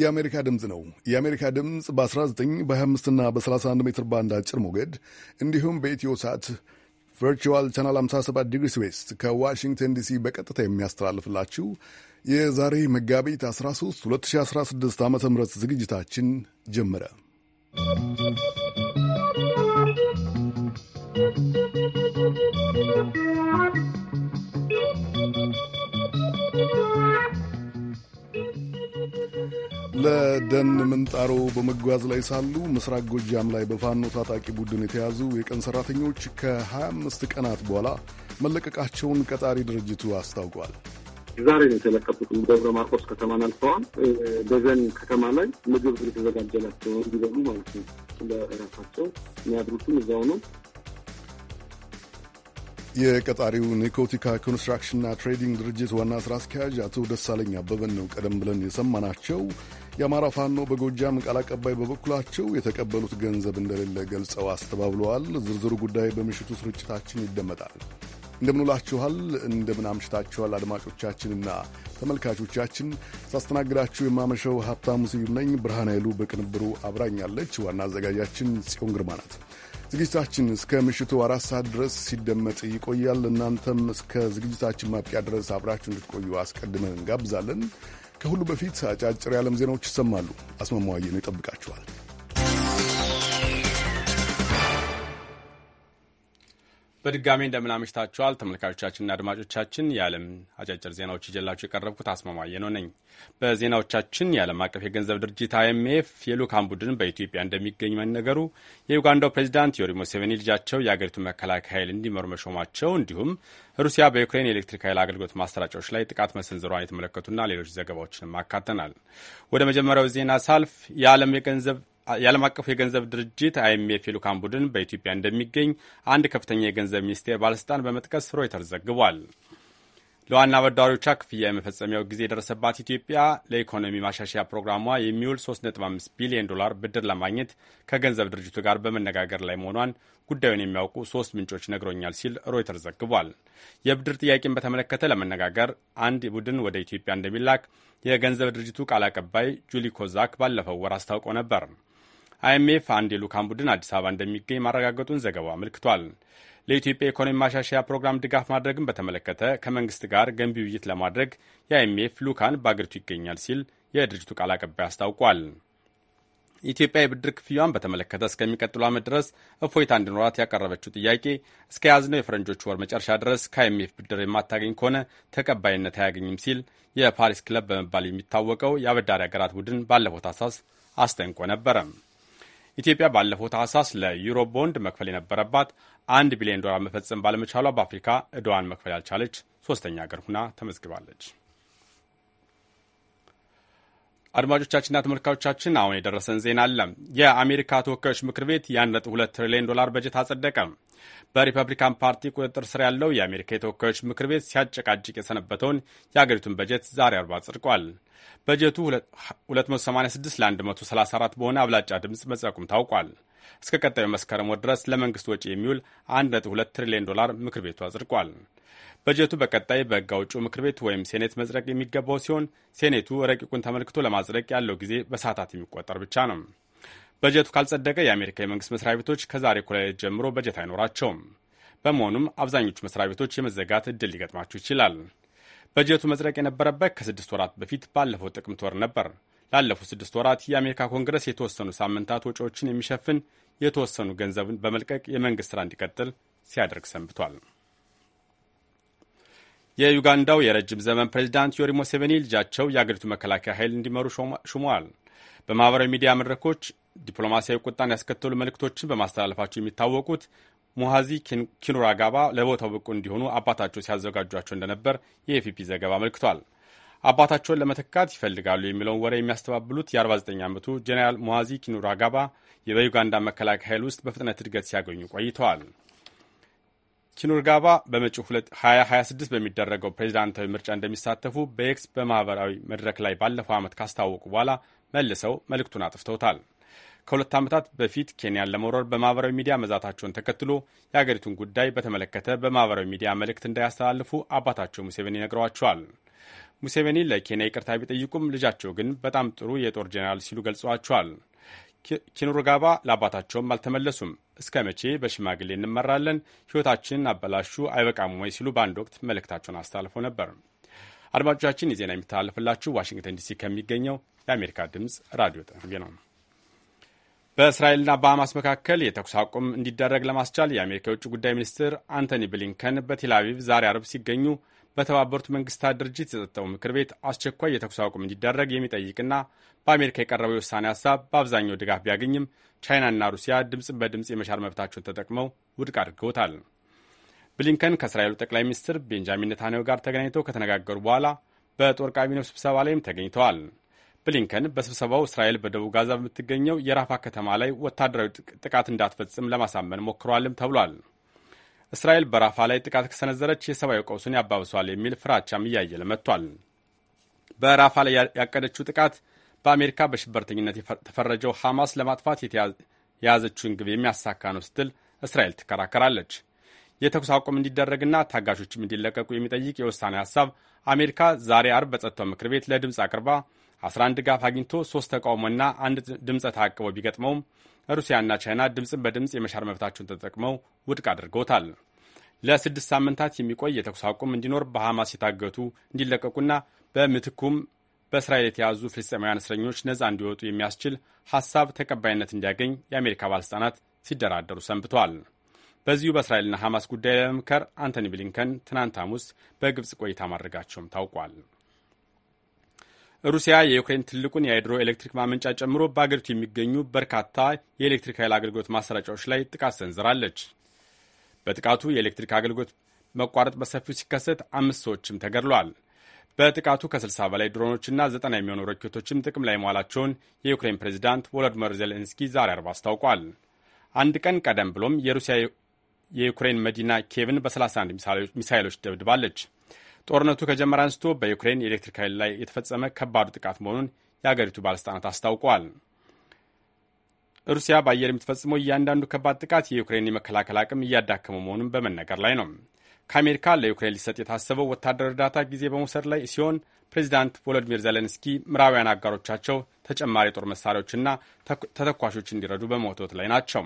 የአሜሪካ ድምፅ ነው። የአሜሪካ ድምፅ በ19 በ25ና በ31 ሜትር ባንድ አጭር ሞገድ እንዲሁም በኢትዮ ሰዓት ቨርቹዋል ቻናል 57 ዲግሪስ ዌስት ከዋሽንግተን ዲሲ በቀጥታ የሚያስተላልፍላችሁ የዛሬ መጋቢት 13 2016 ዓ ም ዝግጅታችን ጀመረ። ለደን ምንጣሮ በመጓዝ ላይ ሳሉ ምስራቅ ጎጃም ላይ በፋኖ ታጣቂ ቡድን የተያዙ የቀን ሠራተኞች ከ25 ቀናት በኋላ መለቀቃቸውን ቀጣሪ ድርጅቱ አስታውቋል። ዛሬ ነው የተለቀቁት። ደብረ ማርቆስ ከተማን አልፈዋል። በዘን ከተማ ላይ ምግብ የተዘጋጀላቸው እንዲበሉ ማለት ነው። ለራሳቸው የሚያድሩትም እዛው ነው። የቀጣሪው ኒኮቲካ ኮንስትራክሽንና ትሬዲንግ ድርጅት ዋና ስራ አስኪያጅ አቶ ደሳለኝ አበበን ነው ቀደም ብለን የሰማናቸው። የአማራ ፋኖ በጎጃም ቃል አቀባይ በበኩላቸው የተቀበሉት ገንዘብ እንደሌለ ገልጸው አስተባብለዋል። ዝርዝሩ ጉዳይ በምሽቱ ስርጭታችን ይደመጣል። እንደምንውላችኋል፣ እንደምን አምሽታችኋል አድማጮቻችንና ተመልካቾቻችን። ሳስተናግዳችሁ የማመሸው ሀብታሙ ስዩም ነኝ። ብርሃን ኃይሉ በቅንብሩ አብራኛለች። ዋና አዘጋጃችን ጽዮን ግርማ ናት። ዝግጅታችን እስከ ምሽቱ አራት ሰዓት ድረስ ሲደመጥ ይቆያል። እናንተም እስከ ዝግጅታችን ማብቂያ ድረስ አብራችሁ እንድትቆዩ አስቀድመን እንጋብዛለን። ከሁሉ በፊት አጫጭር የዓለም ዜናዎች ይሰማሉ። አስማማዋየን ይጠብቃችኋል። በድጋሚ እንደምናመሽታችኋል ተመልካቾቻችንና አድማጮቻችን የዓለም አጫጭር ዜናዎች ይዤላችሁ የቀረብኩት አስማማየ ነው ነኝ። በዜናዎቻችን የዓለም አቀፍ የገንዘብ ድርጅት አይኤምኤፍ የልዑካን ቡድን በኢትዮጵያ እንደሚገኝ መነገሩ፣ የዩጋንዳው ፕሬዚዳንት ዮዌሪ ሙሴቬኒ ልጃቸው የአገሪቱ መከላከያ ኃይል እንዲመሩ መሾማቸው፣ እንዲሁም ሩሲያ በዩክሬን የኤሌክትሪክ ኃይል አገልግሎት ማሰራጫዎች ላይ ጥቃት መሰንዘሯን የተመለከቱና ሌሎች ዘገባዎችንም አካተናል። ወደ መጀመሪያው ዜና ሳልፍ የዓለም የገንዘብ የዓለም አቀፉ የገንዘብ ድርጅት አይኤምኤፍ የልዑካን ቡድን በኢትዮጵያ እንደሚገኝ አንድ ከፍተኛ የገንዘብ ሚኒስቴር ባለሥልጣን በመጥቀስ ሮይተርስ ዘግቧል። ለዋና አበዳሪዎቿ ክፍያ የመፈጸሚያው ጊዜ የደረሰባት ኢትዮጵያ ለኢኮኖሚ ማሻሻያ ፕሮግራሟ የሚውል 3.5 ቢሊዮን ዶላር ብድር ለማግኘት ከገንዘብ ድርጅቱ ጋር በመነጋገር ላይ መሆኗን ጉዳዩን የሚያውቁ ሶስት ምንጮች ነግሮኛል ሲል ሮይተርስ ዘግቧል። የብድር ጥያቄን በተመለከተ ለመነጋገር አንድ ቡድን ወደ ኢትዮጵያ እንደሚላክ የገንዘብ ድርጅቱ ቃል አቀባይ ጁሊ ኮዛክ ባለፈው ወር አስታውቀው ነበር። አይኤምኤፍ አንድ የልዑካን ቡድን አዲስ አበባ እንደሚገኝ ማረጋገጡን ዘገባው አመልክቷል። ለኢትዮጵያ የኢኮኖሚ ማሻሻያ ፕሮግራም ድጋፍ ማድረግን በተመለከተ ከመንግስት ጋር ገንቢ ውይይት ለማድረግ የአይኤምኤፍ ልዑካን በአገሪቱ ይገኛል ሲል የድርጅቱ ቃል አቀባይ አስታውቋል። ኢትዮጵያ የብድር ክፍያዋን በተመለከተ እስከሚቀጥሉ ዓመት ድረስ እፎይታ እንዲኖራት ያቀረበችው ጥያቄ እስከ ያዝነው የፈረንጆቹ ወር መጨረሻ ድረስ ከአይኤምኤፍ ብድር የማታገኝ ከሆነ ተቀባይነት አያገኝም ሲል የፓሪስ ክለብ በመባል የሚታወቀው የአበዳሪ ሀገራት ቡድን ባለፈው ታህሳስ አስጠንቆ ነበረም። ኢትዮጵያ ባለፈው ታህሳስ ለዩሮ ቦንድ መክፈል የነበረባት አንድ ቢሊዮን ዶላር መፈጸም ባለመቻሏ በአፍሪካ እድዋን መክፈል ያልቻለች ሶስተኛ ሀገር ሁና ተመዝግባለች። አድማጮቻችንና ተመልካቾቻችን አሁን የደረሰን ዜና አለ። የአሜሪካ ተወካዮች ምክር ቤት የ1.2 ትሪሊዮን ዶላር በጀት አጸደቀም። በሪፐብሊካን ፓርቲ ቁጥጥር ስር ያለው የአሜሪካ የተወካዮች ምክር ቤት ሲያጨቃጭቅ የሰነበተውን የአገሪቱን በጀት ዛሬ አርባ ጽድቋል። በጀቱ 286 ለ134 በሆነ አብላጫ ድምፅ መጽደቁም ታውቋል። እስከ ቀጣዩ መስከረም ወር ድረስ ለመንግስት ወጪ የሚውል 1.2 ትሪሊዮን ዶላር ምክር ቤቱ አጽድቋል። በጀቱ በቀጣይ በሕግ አውጪው ምክር ቤት ወይም ሴኔት መጽደቅ የሚገባው ሲሆን ሴኔቱ ረቂቁን ተመልክቶ ለማጽደቅ ያለው ጊዜ በሰዓታት የሚቆጠር ብቻ ነው። በጀቱ ካልጸደቀ የአሜሪካ የመንግስት መስሪያ ቤቶች ከዛሬ እኩለ ሌሊት ጀምሮ በጀት አይኖራቸውም። በመሆኑም አብዛኞቹ መስሪያ ቤቶች የመዘጋት እድል ሊገጥማቸው ይችላል። በጀቱ መጽደቅ የነበረበት ከስድስት ወራት በፊት ባለፈው ጥቅምት ወር ነበር። ላለፉት ስድስት ወራት የአሜሪካ ኮንግረስ የተወሰኑ ሳምንታት ወጪዎችን የሚሸፍን የተወሰኑ ገንዘብን በመልቀቅ የመንግስት ስራ እንዲቀጥል ሲያደርግ ሰንብቷል። የዩጋንዳው የረጅም ዘመን ፕሬዚዳንት ዮሪ ሙሴቬኒ ልጃቸው የአገሪቱ መከላከያ ኃይል እንዲመሩ ሹመዋል። በማኅበራዊ ሚዲያ መድረኮች ዲፕሎማሲያዊ ቁጣን ያስከተሉ መልእክቶችን በማስተላለፋቸው የሚታወቁት ሙሃዚ ኪኑራጋባ ለቦታው ብቁ እንዲሆኑ አባታቸው ሲያዘጋጇቸው እንደነበር የኤፍፒ ዘገባ አመልክቷል። አባታቸውን ለመተካት ይፈልጋሉ የሚለውን ወሬ የሚያስተባብሉት የ49 ዓመቱ ጄኔራል ሙሃዚ ኪኑራጋባ በዩጋንዳ መከላከያ ኃይል ውስጥ በፍጥነት እድገት ሲያገኙ ቆይተዋል። ኪኑርጋባ በመጪው 2026 በሚደረገው ፕሬዚዳንታዊ ምርጫ እንደሚሳተፉ በኤክስ በማህበራዊ መድረክ ላይ ባለፈው ዓመት ካስታወቁ በኋላ መልሰው መልእክቱን አጥፍተውታል። ከሁለት ዓመታት በፊት ኬንያን ለመውረር በማህበራዊ ሚዲያ መዛታቸውን ተከትሎ የአገሪቱን ጉዳይ በተመለከተ በማህበራዊ ሚዲያ መልእክት እንዳያስተላልፉ አባታቸው ሙሴቬኒ ነግረዋቸዋል። ሙሴቬኒ ለኬንያ ይቅርታ ቢጠይቁም ልጃቸው ግን በጣም ጥሩ የጦር ጄኔራል ሲሉ ገልጸዋቸዋል። ኪኑሩጋባ ለአባታቸውም አልተመለሱም። እስከ መቼ በሽማግሌ እንመራለን? ሕይወታችንን አበላሹ አይበቃም ወይ ሲሉ በአንድ ወቅት መልእክታቸውን አስተላልፈው ነበር። አድማጮቻችን፣ የዜና የሚተላለፍላችሁ ዋሽንግተን ዲሲ ከሚገኘው የአሜሪካ ድምፅ ራዲዮ ጣቢያ ነው። በእስራኤልና በሐማስ መካከል የተኩስ አቁም እንዲደረግ ለማስቻል የአሜሪካ የውጭ ጉዳይ ሚኒስትር አንቶኒ ብሊንከን በቴልአቪቭ ዛሬ አርብ ሲገኙ በተባበሩት መንግስታት ድርጅት የጸጥታው ምክር ቤት አስቸኳይ የተኩስ አቁም እንዲደረግ የሚጠይቅና በአሜሪካ የቀረበው የውሳኔ ሀሳብ በአብዛኛው ድጋፍ ቢያገኝም ቻይናና ሩሲያ ድምፅ በድምፅ የመሻር መብታቸውን ተጠቅመው ውድቅ አድርገውታል። ብሊንከን ከእስራኤሉ ጠቅላይ ሚኒስትር ቤንጃሚን ኔታንያሁ ጋር ተገናኝተው ከተነጋገሩ በኋላ በጦር ካቢኔው ስብሰባ ላይም ተገኝተዋል። ብሊንከን በስብሰባው እስራኤል በደቡብ ጋዛ በምትገኘው የራፋ ከተማ ላይ ወታደራዊ ጥቃት እንዳትፈጽም ለማሳመን ሞክሯልም ተብሏል። እስራኤል በራፋ ላይ ጥቃት ከሰነዘረች የሰብአዊ ቀውሱን ያባብሷል የሚል ፍራቻም እያየለ መጥቷል። በራፋ ላይ ያቀደችው ጥቃት በአሜሪካ በሽበርተኝነት የተፈረጀው ሐማስ ለማጥፋት የያዘችውን ግብ የሚያሳካ ነው ስትል እስራኤል ትከራከራለች። የተኩስ አቁም እንዲደረግና ታጋሾችም እንዲለቀቁ የሚጠይቅ የውሳኔ ሀሳብ አሜሪካ ዛሬ አርብ በጸጥታው ምክር ቤት ለድምፅ አቅርባ 11 ድጋፍ አግኝቶ ሶስት ተቃውሞና አንድ ድምፀ ተአቅቦ ቢገጥመውም ሩሲያና ቻይና ድምፅን በድምፅ የመሻር መብታቸውን ተጠቅመው ውድቅ አድርገውታል። ለስድስት ሳምንታት የሚቆይ የተኩስ አቁም እንዲኖር በሐማስ የታገቱ እንዲለቀቁና በምትኩም በእስራኤል የተያዙ ፍልስጤማውያን እስረኞች ነጻ እንዲወጡ የሚያስችል ሐሳብ ተቀባይነት እንዲያገኝ የአሜሪካ ባለሥልጣናት ሲደራደሩ ሰንብተዋል። በዚሁ በእስራኤልና ሐማስ ጉዳይ ለመምከር አንቶኒ ብሊንከን ትናንት ሐሙስ በግብፅ ቆይታ ማድረጋቸውም ታውቋል። ሩሲያ የዩክሬን ትልቁን የሃይድሮ ኤሌክትሪክ ማመንጫ ጨምሮ በአገሪቱ የሚገኙ በርካታ የኤሌክትሪክ ኃይል አገልግሎት ማሰራጫዎች ላይ ጥቃት ሰንዝራለች። በጥቃቱ የኤሌክትሪክ አገልግሎት መቋረጥ በሰፊው ሲከሰት አምስት ሰዎችም ተገድለዋል። በጥቃቱ ከ60 በላይ ድሮኖችና ዘጠና የሚሆኑ ሮኬቶችም ጥቅም ላይ መዋላቸውን የዩክሬን ፕሬዚዳንት ቮሎዲሚር ዜሌንስኪ ዛሬ አርባ አስታውቋል። አንድ ቀን ቀደም ብሎም የሩሲያ የዩክሬን መዲና ኬቭን በ31 ሚሳይሎች ደብድባለች። ጦርነቱ ከጀመረ አንስቶ በዩክሬን የኤሌክትሪክ ኃይል ላይ የተፈጸመ ከባዱ ጥቃት መሆኑን የአገሪቱ ባለሥልጣናት አስታውቋል። ሩሲያ በአየር የምትፈጽመው እያንዳንዱ ከባድ ጥቃት የዩክሬን የመከላከል አቅም እያዳከመው መሆኑን በመነገር ላይ ነው። ከአሜሪካ ለዩክሬን ሊሰጥ የታሰበው ወታደር እርዳታ ጊዜ በመውሰድ ላይ ሲሆን ፕሬዚዳንት ቮሎዲሚር ዜሌንስኪ ምዕራባውያን አጋሮቻቸው ተጨማሪ የጦር መሳሪያዎችና ተተኳሾች እንዲረዱ በመወትወት ላይ ናቸው።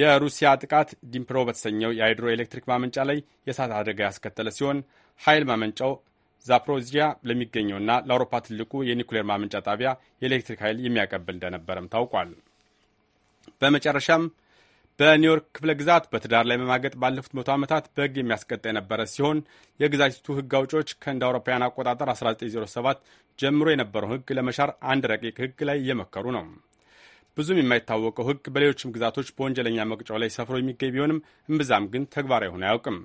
የሩሲያ ጥቃት ዲምፕሮ በተሰኘው የሃይድሮ ኤሌክትሪክ ማመንጫ ላይ የእሳት አደጋ ያስከተለ ሲሆን ኃይል ማመንጫው ዛፕሮዚያ ለሚገኘውና ለአውሮፓ ትልቁ የኒኩሌር ማመንጫ ጣቢያ የኤሌክትሪክ ኃይል የሚያቀብል እንደነበረም ታውቋል። በመጨረሻም በኒውዮርክ ክፍለ ግዛት በትዳር ላይ መማገጥ ባለፉት መቶ ዓመታት በሕግ የሚያስቀጣ የነበረ ሲሆን የግዛቲቱ ሕግ አውጮች ከእንደ አውሮፓውያን አቆጣጠር 1907 ጀምሮ የነበረውን ሕግ ለመሻር አንድ ረቂቅ ሕግ ላይ እየመከሩ ነው። ብዙም የማይታወቀው ሕግ በሌሎችም ግዛቶች በወንጀለኛ መቅጫው ላይ ሰፍሮ የሚገኝ ቢሆንም እምብዛም ግን ተግባራዊ ሆኖ አያውቅም።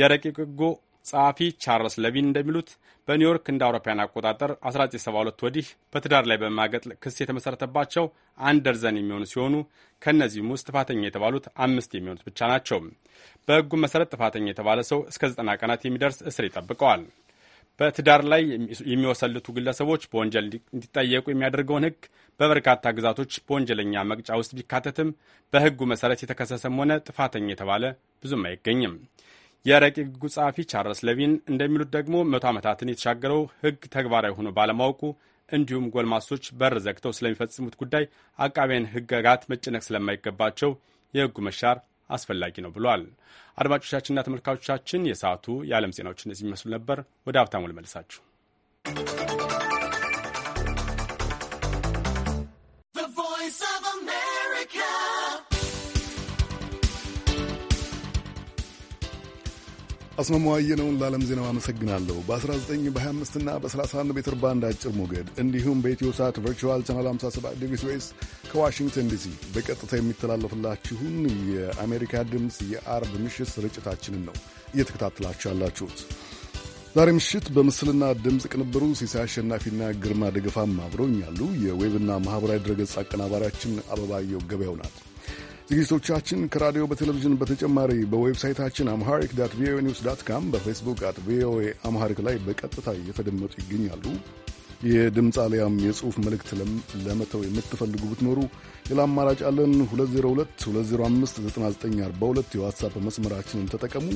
የረቂቅ ሕጉ ጸሐፊ ቻርልስ ለቪን እንደሚሉት በኒውዮርክ እንደ አውሮፓውያን አቆጣጠር 1972 ወዲህ በትዳር ላይ በማገጥ ክስ የተመሰረተባቸው አንድ ደርዘን የሚሆኑ ሲሆኑ ከእነዚህም ውስጥ ጥፋተኛ የተባሉት አምስት የሚሆኑት ብቻ ናቸው። በሕጉ መሰረት ጥፋተኛ የተባለ ሰው እስከ 90 ቀናት የሚደርስ እስር ይጠብቀዋል። በትዳር ላይ የሚወሰልቱ ግለሰቦች በወንጀል እንዲጠየቁ የሚያደርገውን ሕግ በበርካታ ግዛቶች በወንጀለኛ መቅጫ ውስጥ ቢካተትም በሕጉ መሰረት የተከሰሰም ሆነ ጥፋተኛ የተባለ ብዙም አይገኝም። የረቂጉ ጸሐፊ ቻርልስ ለቪን እንደሚሉት ደግሞ መቶ ዓመታትን የተሻገረው ሕግ ተግባራዊ ሆኖ ባለማወቁ እንዲሁም ጎልማሶች በር ዘግተው ስለሚፈጽሙት ጉዳይ አቃቢያን ሕግጋት መጨነቅ ስለማይገባቸው የሕጉ መሻር አስፈላጊ ነው ብሏል። አድማጮቻችንና ተመልካቾቻችን የሰዓቱ የዓለም ዜናዎች እነዚህ ይመስሉ ነበር። ወደ ሀብታሙ ልመልሳችሁ። አስመማዋየ ነውን ለዓለም ዜናው አመሰግናለሁ። በ19 በ25 እና በ31 ሜትር ባንድ አጭር ሞገድ እንዲሁም በኢትዮ ሳት ቨርቹዋል ቻናል 57 ዲግሪ ስዌስ ከዋሽንግተን ዲሲ በቀጥታ የሚተላለፍላችሁን የአሜሪካ ድምፅ የአርብ ምሽት ስርጭታችንን ነው እየተከታተላችሁ ያላችሁት። ዛሬ ምሽት በምስልና ድምፅ ቅንብሩ ሲሳይ አሸናፊና ግርማ ደገፋም አብረውኛሉ። የዌብና ማኅበራዊ ድረገጽ አቀናባሪያችን አበባየው ገበያው ናት። ዝግጅቶቻችን ከራዲዮ በቴሌቪዥን በተጨማሪ በዌብሳይታችን አምሃሪክ ዳት ቪኦኤ ኒውስ ዳት ካም በፌስቡክ አት ቪኦኤ አምሃሪክ ላይ በቀጥታ እየተደመጡ ይገኛሉ። የድምፅ አሊያም የጽሑፍ መልእክት ለመተው የምትፈልጉ ብትኖሩ ሌላ አማራጭ አለን። 2022059942 የዋትሳፕ መስመራችንን ተጠቀሙ።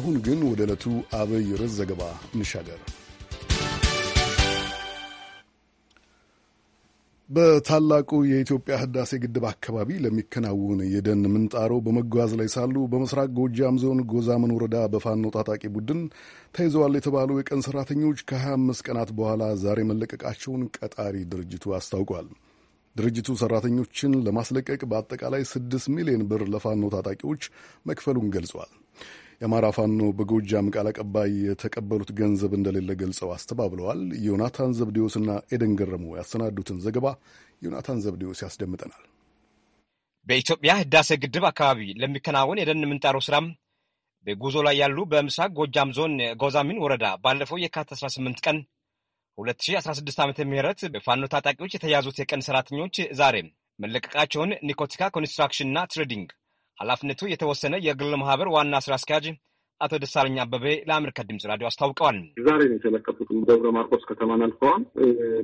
አሁን ግን ወደ ዕለቱ አበይ ርዕስ ዘገባ እንሻገር። በታላቁ የኢትዮጵያ ህዳሴ ግድብ አካባቢ ለሚከናወን የደን ምንጣሮ በመጓዝ ላይ ሳሉ በምስራቅ ጎጃም ዞን ጎዛምን ወረዳ በፋኖ ታጣቂ ቡድን ተይዘዋል የተባሉ የቀን ሰራተኞች ከ25 ቀናት በኋላ ዛሬ መለቀቃቸውን ቀጣሪ ድርጅቱ አስታውቋል። ድርጅቱ ሰራተኞችን ለማስለቀቅ በአጠቃላይ 6 ሚሊዮን ብር ለፋኖ ታጣቂዎች መክፈሉን ገልጿል። የአማራ ፋኖ በጎጃም ቃል አቀባይ የተቀበሉት ገንዘብ እንደሌለ ገልጸው አስተባብለዋል። ዮናታን ዘብዴዎስና ኤደን ገረሙ ያሰናዱትን ዘገባ ዮናታን ዘብዴዎስ ያስደምጠናል። በኢትዮጵያ ህዳሴ ግድብ አካባቢ ለሚከናወን የደን ምንጣሮ ስራም በጉዞ ላይ ያሉ በምስራቅ ጎጃም ዞን ጎዛሚን ወረዳ ባለፈው የካቲት 18 ቀን 2016 ዓ ም በፋኖ ታጣቂዎች የተያዙት የቀን ሰራተኞች ዛሬ መለቀቃቸውን ኒኮቲካ ኮንስትራክሽንና ትሬዲንግ ኃላፊነቱ የተወሰነ የግል ማህበር ዋና ስራ አስኪያጅ አቶ ደሳለኝ አበቤ ለአሜሪካ ድምጽ ራዲዮ አስታውቀዋል። ዛሬ ነው የተለቀቁት። ደብረ ማርቆስ ከተማን አልፈዋል።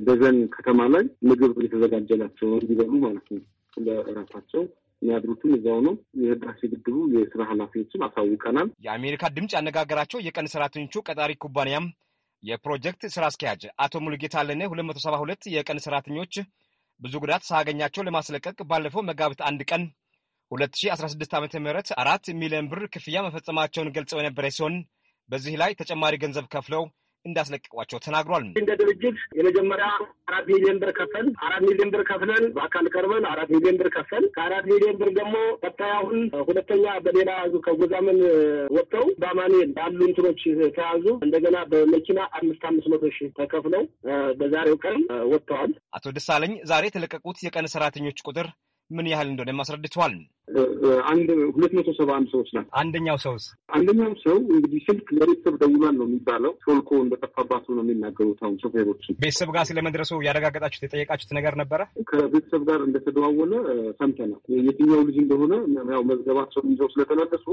በዘን ከተማ ላይ ምግብ የተዘጋጀላቸው እንዲበሉ ማለት ነው ለእራሳቸው የሚያድሩትም እዛው ነው። የህዳሴ ግድቡ የስራ ኃላፊዎችን አሳውቀናል። የአሜሪካ ድምፅ ያነጋገራቸው የቀን ሰራተኞቹ ቀጣሪ ኩባንያም የፕሮጀክት ስራ አስኪያጅ አቶ ሙሉጌታ አለነ ሁለት መቶ ሰባ ሁለት የቀን ሰራተኞች ብዙ ጉዳት ሳያገኛቸው ለማስለቀቅ ባለፈው መጋቢት አንድ ቀን 2016 ዓ ም አራት ሚሊዮን ብር ክፍያ መፈጸማቸውን ገልጸው የነበረ ሲሆን በዚህ ላይ ተጨማሪ ገንዘብ ከፍለው እንዳስለቀቋቸው ተናግሯል። እንደ ድርጅት የመጀመሪያ አራት ሚሊዮን ብር ከፈል አራት ሚሊዮን ብር ከፍለን በአካል ቀርበን አራት ሚሊዮን ብር ከፈል ከአራት ሚሊዮን ብር ደግሞ ቀጣይ አሁን ሁለተኛ በሌላ ከጎዛምን ወጥተው በአማኑኤል ባሉ እንትኖች ተያዙ። እንደገና በመኪና አምስት አምስት መቶ ሺህ ተከፍለው በዛሬው ቀን ወጥተዋል። አቶ ደሳለኝ ዛሬ የተለቀቁት የቀን ሰራተኞች ቁጥር ምን ያህል እንደሆነ አስረድተዋል። አንድ ሁለት መቶ ሰባ አንድ ሰዎች ናቸው። አንደኛው ሰውስ አንደኛው ሰው እንግዲህ ስልክ ለቤተሰብ ደውሏል ነው የሚባለው። ሾልኮ እንደጠፋባቸው ነው የሚናገሩት። አሁን ሾፌሮች ቤተሰብ ጋር ስለመድረሱ ያረጋገጣችሁት የጠየቃችሁት ነገር ነበረ? ከቤተሰብ ጋር እንደተደዋወለ ሰምተናል። የትኛው ልጅ እንደሆነ ያው መዝገባቸውን ይዘው ስለተመለሱ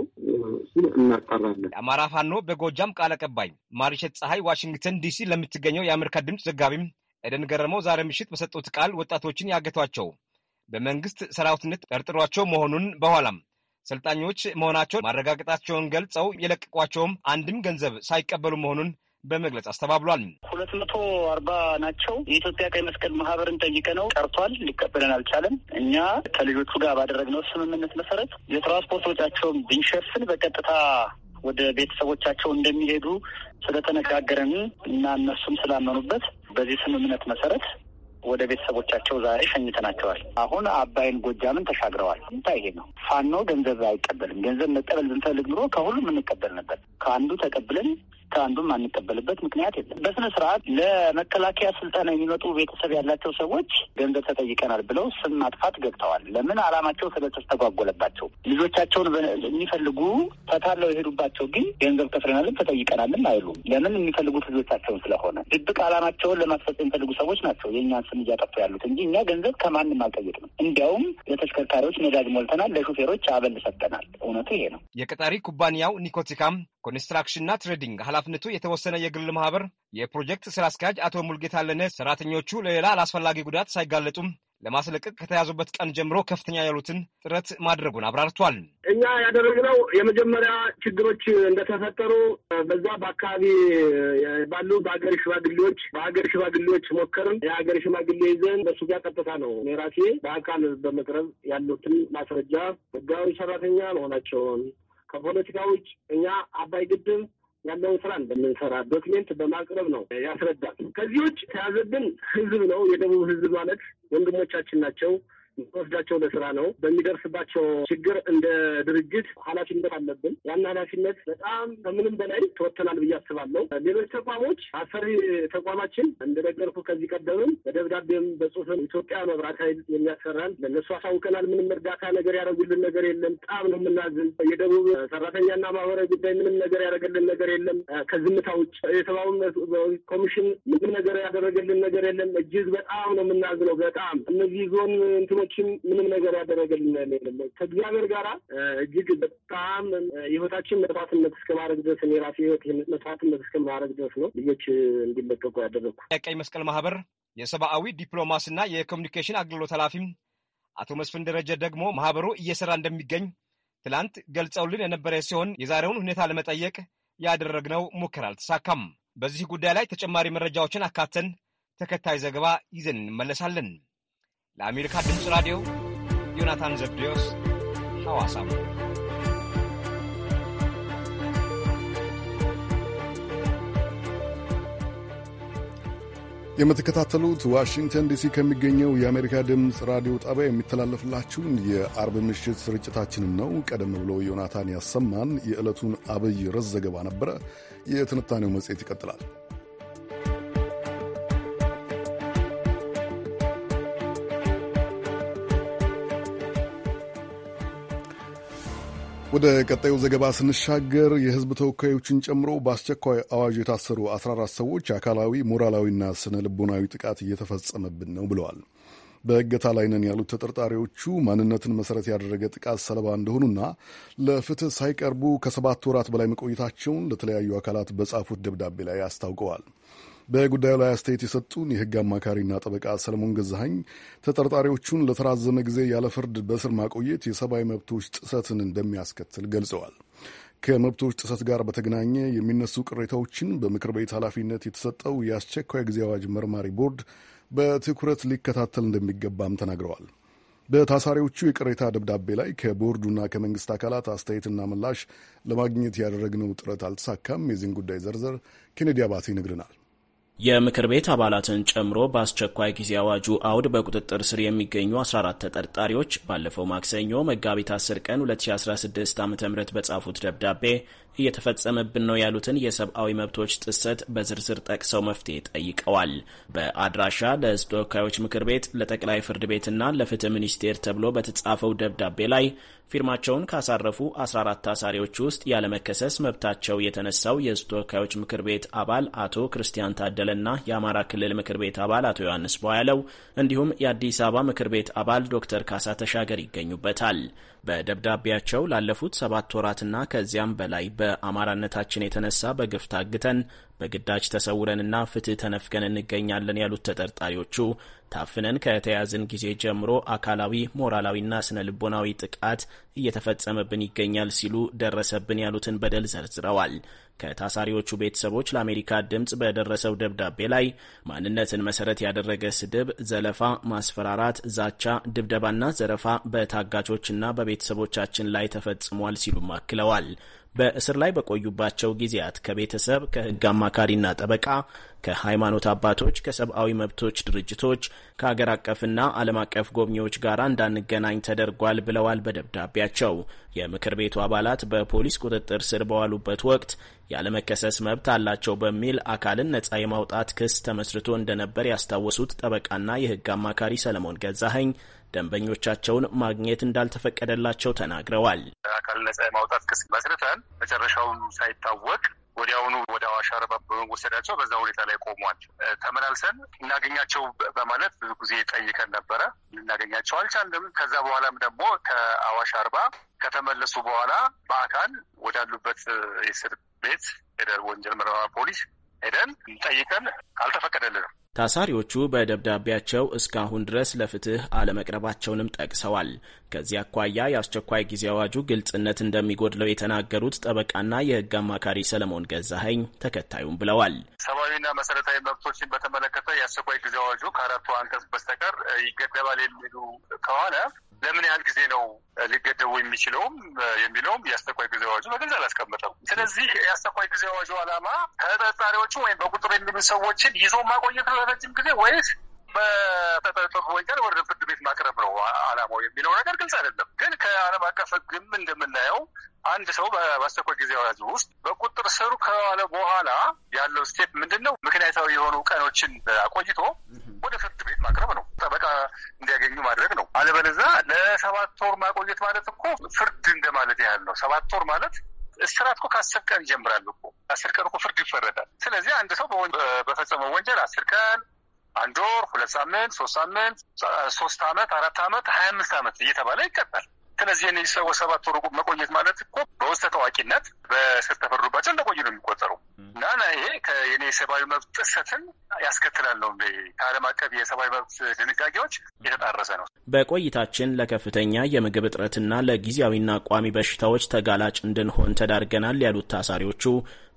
እሱን እናጣራለን። አማራ ፋኖ በጎጃም ቃል አቀባይ ማሪሸት ፀሐይ ዋሽንግተን ዲሲ ለምትገኘው የአሜሪካ ድምፅ ዘጋቢም ኤደን ገረመው ዛሬ ምሽት በሰጡት ቃል ወጣቶችን ያገቷቸው በመንግስት ሰራዊትነት ጠርጥሯቸው መሆኑን በኋላም ሰልጣኞች መሆናቸውን ማረጋገጣቸውን ገልጸው የለቀቋቸውም አንድም ገንዘብ ሳይቀበሉ መሆኑን በመግለጽ አስተባብሏል። ሁለት መቶ አርባ ናቸው። የኢትዮጵያ ቀይ መስቀል ማህበርን ጠይቀ ነው ቀርቷል። ሊቀበለን አልቻለም። እኛ ከልጆቹ ጋር ባደረግነው ስምምነት መሰረት የትራንስፖርት ወጪያቸውን ብንሸፍን በቀጥታ ወደ ቤተሰቦቻቸው እንደሚሄዱ ስለተነጋገረን እና እነሱም ስላመኑበት በዚህ ስምምነት መሰረት ወደ ቤተሰቦቻቸው ዛሬ ሸኝተናቸዋል። አሁን አባይን ጎጃምን ተሻግረዋል። ይሄ ነው ፋኖ ገንዘብ አይቀበልም። ገንዘብ መቀበል ብንፈልግ ኑሮ ከሁሉም እንቀበል ነበር። ከአንዱ ተቀብለን ከአንዱም አንቀበልበት ምክንያት የለም። በስነ ስርዓት ለመከላከያ ስልጠና የሚመጡ ቤተሰብ ያላቸው ሰዎች ገንዘብ ተጠይቀናል ብለው ስም ማጥፋት ገብተዋል። ለምን አላማቸው ስለተስተጓጎለባቸው ልጆቻቸውን የሚፈልጉ ተታለው የሄዱባቸው ግን ገንዘብ ከፍለናልም ተጠይቀናልም አይሉ። ለምን የሚፈልጉት ልጆቻቸውን ስለሆነ ድብቅ አላማቸውን ለማስፈጸም የሚፈልጉ ሰዎች ናቸው የእኛን ስም እያጠፉ ያሉት እንጂ እኛ ገንዘብ ከማንም አልጠየቅንም። እንዲያውም ለተሽከርካሪዎች ነዳጅ ሞልተናል፣ ለሹፌሮች አበል ሰጠናል። እውነቱ ይሄ ነው። የቀጣሪ ኩባንያው ኒኮቲካም ኮንስትራክሽንና ትሬዲንግ ኃላፊነቱ የተወሰነ የግል ማህበር የፕሮጀክት ስራ አስኪያጅ አቶ ሙልጌታ ለነ ሰራተኞቹ ለሌላ አላስፈላጊ ጉዳት ሳይጋለጡም ለማስለቀቅ ከተያዙበት ቀን ጀምሮ ከፍተኛ ያሉትን ጥረት ማድረጉን አብራርቷል። እኛ ያደረግነው የመጀመሪያ ችግሮች እንደተፈጠሩ በዛ በአካባቢ ባሉ በሀገር ሽማግሌዎች በሀገር ሽማግሌዎች ሞከርን። የሀገር ሽማግሌ ይዘን በሱ ጋር ቀጥታ ነው ራሴ በአካል በመቅረብ ያሉትን ማስረጃ ህጋዊ ሰራተኛ መሆናቸውን ከፖለቲካ ውጭ እኛ አባይ ግድብ ያለውን ስራ እንደምንሰራ ዶክሜንት በማቅረብ ነው ያስረዳል። ከዚህ ውጭ ተያዘብን ህዝብ ነው። የደቡብ ህዝብ ማለት ወንድሞቻችን ናቸው። ወስዳቸው ለስራ ነው። በሚደርስባቸው ችግር እንደ ድርጅት ኃላፊነት አለብን። ያን ኃላፊነት በጣም ከምንም በላይ ተወጥተናል ብዬ አስባለሁ። ሌሎች ተቋሞች አሰሪ ተቋማችን እንደነገርኩ ከዚህ ቀደምም በደብዳቤም በጽሁፍም ኢትዮጵያ መብራት ኃይል የሚያሰራን ለእነሱ አሳውቀናል። ምንም እርዳታ ነገር ያደረጉልን ነገር የለም። በጣም ነው የምናዝን። የደቡብ ሰራተኛና ማህበራዊ ጉዳይ ምንም ነገር ያደረገልን ነገር የለም። ከዝምታ ውጭ የሰብአዊ ኮሚሽን ምንም ነገር ያደረገልን ነገር የለም። እጅግ በጣም ነው የምናዝነው። በጣም እነዚህ ዞን እንትኖ መቼም ምንም ነገር ያደረገልን የለም። ከእግዚአብሔር ጋር እጅግ በጣም የህይወታችን መስዋዕትነት እስከ ማድረግ ድረስ እኔ ራሴ ህይወት መስዋዕትነት እስከ ማድረግ ድረስ ነው ልጆች እንዲለቀቁ ያደረግኩ። የቀይ መስቀል ማህበር የሰብአዊ ዲፕሎማሲና የኮሚኒኬሽን አገልግሎት ኃላፊም አቶ መስፍን ደረጀ ደግሞ ማህበሩ እየሰራ እንደሚገኝ ትላንት ገልጸውልን የነበረ ሲሆን የዛሬውን ሁኔታ ለመጠየቅ ያደረግነው ሙከራ አልተሳካም። በዚህ ጉዳይ ላይ ተጨማሪ መረጃዎችን አካተን ተከታይ ዘገባ ይዘን እንመለሳለን። ለአሜሪካ ድምፅ ራዲዮ ዮናታን ዘብዴዎስ ሐዋሳም የምትከታተሉት ዋሽንግተን ዲሲ ከሚገኘው የአሜሪካ ድምፅ ራዲዮ ጣቢያ የሚተላለፍላችሁን የአርብ ምሽት ስርጭታችንን ነው። ቀደም ብሎ ዮናታን ያሰማን የዕለቱን አብይ ርዕስ ዘገባ ነበረ። የትንታኔው መጽሔት ይቀጥላል። ወደ ቀጣዩ ዘገባ ስንሻገር የህዝብ ተወካዮችን ጨምሮ በአስቸኳይ አዋጅ የታሰሩ 14 ሰዎች አካላዊ፣ ሞራላዊና ስነ ልቦናዊ ጥቃት እየተፈጸመብን ነው ብለዋል። በእገታ ላይ ነን ያሉት ተጠርጣሪዎቹ ማንነትን መሰረት ያደረገ ጥቃት ሰለባ እንደሆኑና ለፍትህ ሳይቀርቡ ከሰባት ወራት በላይ መቆየታቸውን ለተለያዩ አካላት በጻፉት ደብዳቤ ላይ አስታውቀዋል። በጉዳዩ ላይ አስተያየት የሰጡን የህግ አማካሪና ጠበቃ ሰለሞን ገዛሀኝ ተጠርጣሪዎቹን ለተራዘመ ጊዜ ያለ ፍርድ በእስር ማቆየት የሰብአዊ መብቶች ጥሰትን እንደሚያስከትል ገልጸዋል። ከመብቶች ጥሰት ጋር በተገናኘ የሚነሱ ቅሬታዎችን በምክር ቤት ኃላፊነት የተሰጠው የአስቸኳይ ጊዜ አዋጅ መርማሪ ቦርድ በትኩረት ሊከታተል እንደሚገባም ተናግረዋል። በታሳሪዎቹ የቅሬታ ደብዳቤ ላይ ከቦርዱና ከመንግስት አካላት አስተያየትና ምላሽ ለማግኘት ያደረግነው ጥረት አልተሳካም። የዚህን ጉዳይ ዘርዝር ኬኔዲ አባቴ ይነግረናል። የምክር ቤት አባላትን ጨምሮ በአስቸኳይ ጊዜ አዋጁ አውድ በቁጥጥር ስር የሚገኙ 14 ተጠርጣሪዎች ባለፈው ማክሰኞ መጋቢት 10 ቀን 2016 ዓ ም በጻፉት ደብዳቤ እየተፈጸመብን ነው ያሉትን የሰብአዊ መብቶች ጥሰት በዝርዝር ጠቅሰው መፍትሄ ጠይቀዋል። በአድራሻ ለሕዝብ ተወካዮች ምክር ቤት ለጠቅላይ ፍርድ ቤትና ለፍትህ ሚኒስቴር ተብሎ በተጻፈው ደብዳቤ ላይ ፊርማቸውን ካሳረፉ 14 ታሳሪዎች ውስጥ ያለመከሰስ መብታቸው የተነሳው የሕዝብ ተወካዮች ምክር ቤት አባል አቶ ክርስቲያን ታደለና የአማራ ክልል ምክር ቤት አባል አቶ ዮሐንስ ቧያለው እንዲሁም የአዲስ አበባ ምክር ቤት አባል ዶክተር ካሳ ተሻገር ይገኙበታል። በደብዳቤያቸው ላለፉት ሰባት ወራትና ከዚያም በላይ በአማራነታችን የተነሳ በግፍ ታግተን በግዳጅ ተሰውረንና ፍትህ ተነፍገን እንገኛለን ያሉት ተጠርጣሪዎቹ ታፍነን ከተያዝን ጊዜ ጀምሮ አካላዊ፣ ሞራላዊና ስነ ልቦናዊ ጥቃት እየተፈጸመብን ይገኛል ሲሉ ደረሰብን ያሉትን በደል ዘርዝረዋል። ከታሳሪዎቹ ቤተሰቦች ለአሜሪካ ድምፅ በደረሰው ደብዳቤ ላይ ማንነትን መሰረት ያደረገ ስድብ፣ ዘለፋ፣ ማስፈራራት፣ ዛቻ፣ ድብደባና ዘረፋ በታጋቾችና በቤተሰቦቻችን ላይ ተፈጽሟል ሲሉም አክለዋል። በእስር ላይ በቆዩባቸው ጊዜያት ከቤተሰብ፣ ከህግ አማካሪና ጠበቃ፣ ከሃይማኖት አባቶች፣ ከሰብአዊ መብቶች ድርጅቶች፣ ከአገር አቀፍና ዓለም አቀፍ ጎብኚዎች ጋር እንዳንገናኝ ተደርጓል ብለዋል በደብዳቤያቸው። የምክር ቤቱ አባላት በፖሊስ ቁጥጥር ስር በዋሉበት ወቅት ያለመከሰስ መብት አላቸው በሚል አካልን ነጻ የማውጣት ክስ ተመስርቶ እንደነበር ያስታወሱት ጠበቃና የህግ አማካሪ ሰለሞን ገዛኸኝ ደንበኞቻቸውን ማግኘት እንዳልተፈቀደላቸው ተናግረዋል። አካል ነጻ ማውጣት ክስ መስርተን መጨረሻውን ሳይታወቅ ወዲያውኑ ወደ አዋሽ አርባ በመወሰዳቸው በዛ ሁኔታ ላይ ቆሟል። ተመላልሰን እናገኛቸው በማለት ብዙ ጊዜ ጠይቀን ነበረ። እናገኛቸው አልቻልንም። ከዛ በኋላም ደግሞ ከአዋሽ አርባ ከተመለሱ በኋላ በአካል ወዳሉበት የእስር ቤት ሄደን ወንጀል ምርመራ ፖሊስ ሄደን ጠይቀን አልተፈቀደልንም። ታሳሪዎቹ በደብዳቤያቸው እስካሁን ድረስ ለፍትህ አለመቅረባቸውንም ጠቅሰዋል። ከዚህ አኳያ የአስቸኳይ ጊዜ አዋጁ ግልጽነት እንደሚጎድለው የተናገሩት ጠበቃና የህግ አማካሪ ሰለሞን ገዛኸኝ ተከታዩም ብለዋል። ሰብአዊና መሰረታዊ መብቶችን በተመለከተ የአስቸኳይ ጊዜ አዋጁ ከአራቱ አንቀጽ በስተቀር ይገደባል የሚሉ ከሆነ ለምን ያህል ጊዜ ነው ሊገደቡ የሚችለውም የሚለውም የአስቸኳይ ጊዜ አዋጁ በግልጽ አላስቀምጠም። ስለዚህ የአስቸኳይ ጊዜ አዋጁ ዓላማ ተጠርጣሪዎችን ወይም በቁጥር የሚሉ ሰዎችን ይዞ ማቆየት ነው ለረጅም ጊዜ ወይስ በተጠበቁ ወንጀል ወደ ፍርድ ቤት ማቅረብ ነው አላማው የሚለው ነገር ግልጽ አይደለም። ግን ከዓለም አቀፍ ሕግም እንደምናየው አንድ ሰው በአስቸኳይ ጊዜ አዋጅ ውስጥ በቁጥር ስር ከዋለ በኋላ ያለው ስቴፕ ምንድን ነው? ምክንያታዊ የሆኑ ቀኖችን አቆይቶ ወደ ፍርድ ቤት ማቅረብ ነው፣ ጠበቃ እንዲያገኙ ማድረግ ነው። አለበለዚያ ለሰባት ወር ማቆየት ማለት እኮ ፍርድ እንደማለት ያህል ነው። ሰባት ወር ማለት እስራት እኮ ከአስር ቀን ይጀምራል እኮ አስር ቀን እኮ ፍርድ ይፈረዳል። ስለዚህ አንድ ሰው በፈጸመው ወንጀል አስር ቀን አንድ ወር፣ ሁለት ሳምንት፣ ሶስት ሳምንት፣ ሶስት አመት፣ አራት አመት፣ ሀያ አምስት አመት እየተባለ ይቀጣል። ስለዚህ እነዚህ ሰው ሰባት ወር መቆየት ማለት እኮ በውስጥ ታዋቂነት በስር ተፈርዶባቸው እንደቆዩ ነው የሚቆጠሩ እና ይሄ የኔ የሰብአዊ መብት ጥሰትን ያስከትላል ነው ከዓለም አቀፍ የሰብአዊ መብት ድንጋጌዎች የተጣረሰ ነው። በቆይታችን ለከፍተኛ የምግብ እጥረትና ለጊዜያዊና ቋሚ በሽታዎች ተጋላጭ እንድንሆን ተዳርገናል ያሉት ታሳሪዎቹ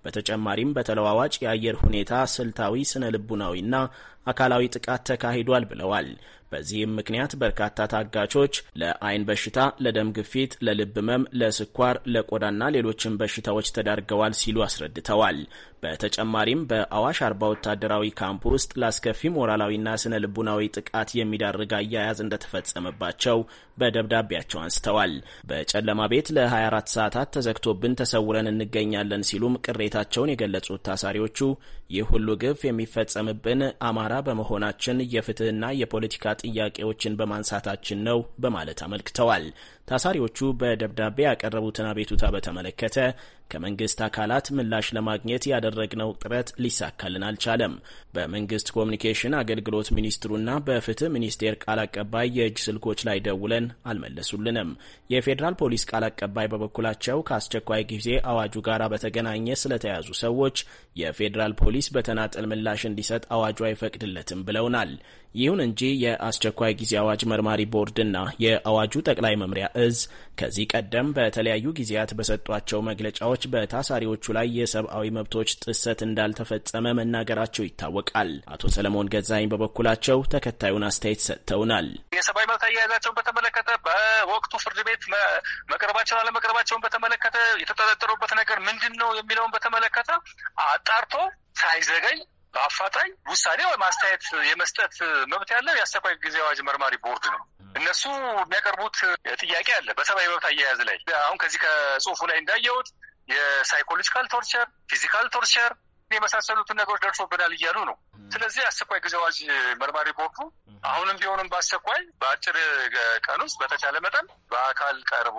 በተጨማሪም በተለዋዋጭ የአየር ሁኔታ ስልታዊ ስነ ልቡናዊና አካላዊ ጥቃት ተካሂዷል ብለዋል። በዚህም ምክንያት በርካታ ታጋቾች ለአይን በሽታ፣ ለደም ግፊት፣ ለልብ ህመም፣ ለስኳር፣ ለቆዳና ሌሎችም በሽታዎች ተዳርገዋል ሲሉ አስረድተዋል። በተጨማሪም በአዋሽ አርባ ወታደራዊ ካምፕ ውስጥ ለአስከፊ ሞራላዊና ስነ ልቡናዊ ጥቃት የሚዳርግ አያያዝ እንደተፈጸመባቸው በደብዳቤያቸው አንስተዋል። በጨለማ ቤት ለ24 ሰዓታት ተዘግቶብን ተሰውረን እንገኛለን ሲሉም ቅሬታቸውን የገለጹት ታሳሪዎቹ ይህ ሁሉ ግፍ የሚፈጸምብን አማራ በመሆናችን የፍትህና የፖለቲካ ጥያቄዎችን በማንሳታችን ነው በማለት አመልክተዋል። ታሳሪዎቹ በደብዳቤ ያቀረቡትን አቤቱታ በተመለከተ ከመንግስት አካላት ምላሽ ለማግኘት ያደረግነው ጥረት ሊሳካልን አልቻለም። በመንግስት ኮሚኒኬሽን አገልግሎት ሚኒስትሩና በፍትህ ሚኒስቴር ቃል አቀባይ የእጅ ስልኮች ላይ ደውለን አልመለሱልንም። የፌዴራል ፖሊስ ቃል አቀባይ በበኩላቸው ከአስቸኳይ ጊዜ አዋጁ ጋር በተገናኘ ስለተያዙ ሰዎች የፌዴራል ፖሊስ በተናጠል ምላሽ እንዲሰጥ አዋጁ አይፈቅድለትም ብለውናል። ይሁን እንጂ የአስቸኳይ ጊዜ አዋጅ መርማሪ ቦርድና የአዋጁ ጠቅላይ መምሪያ እዝ ከዚህ ቀደም በተለያዩ ጊዜያት በሰጧቸው መግለጫዎች በታሳሪዎቹ ላይ የሰብአዊ መብቶች ጥሰት እንዳልተፈጸመ መናገራቸው ይታወቃል። አቶ ሰለሞን ገዛኝ በበኩላቸው ተከታዩን አስተያየት ሰጥተውናል። የሰብአዊ መብት አያያዛቸውን በተመለከተ በወቅቱ ፍርድ ቤት መቅረባቸውን አለመቅረባቸውን በተመለከተ የተጠረጠሩበት ነገር ምንድን ነው የሚለውን በተመለከተ አጣርቶ ሳይዘገይ በአፋጣኝ ውሳኔ ወይ ማስተያየት የመስጠት መብት ያለው የአስቸኳይ ጊዜ አዋጅ መርማሪ ቦርድ ነው። እነሱ የሚያቀርቡት ጥያቄ አለ በሰብአዊ መብት አያያዝ ላይ አሁን ከዚህ ከጽሁፉ ላይ እንዳየሁት የሳይኮሎጂካል ቶርቸር፣ ፊዚካል ቶርቸር የመሳሰሉትን ነገሮች ደርሶብናል እያሉ ነው። ስለዚህ አስቸኳይ ጊዜ አዋጅ መርማሪ ቦርዱ አሁንም ቢሆንም በአስቸኳይ በአጭር ቀን ውስጥ በተቻለ መጠን በአካል ቀርቦ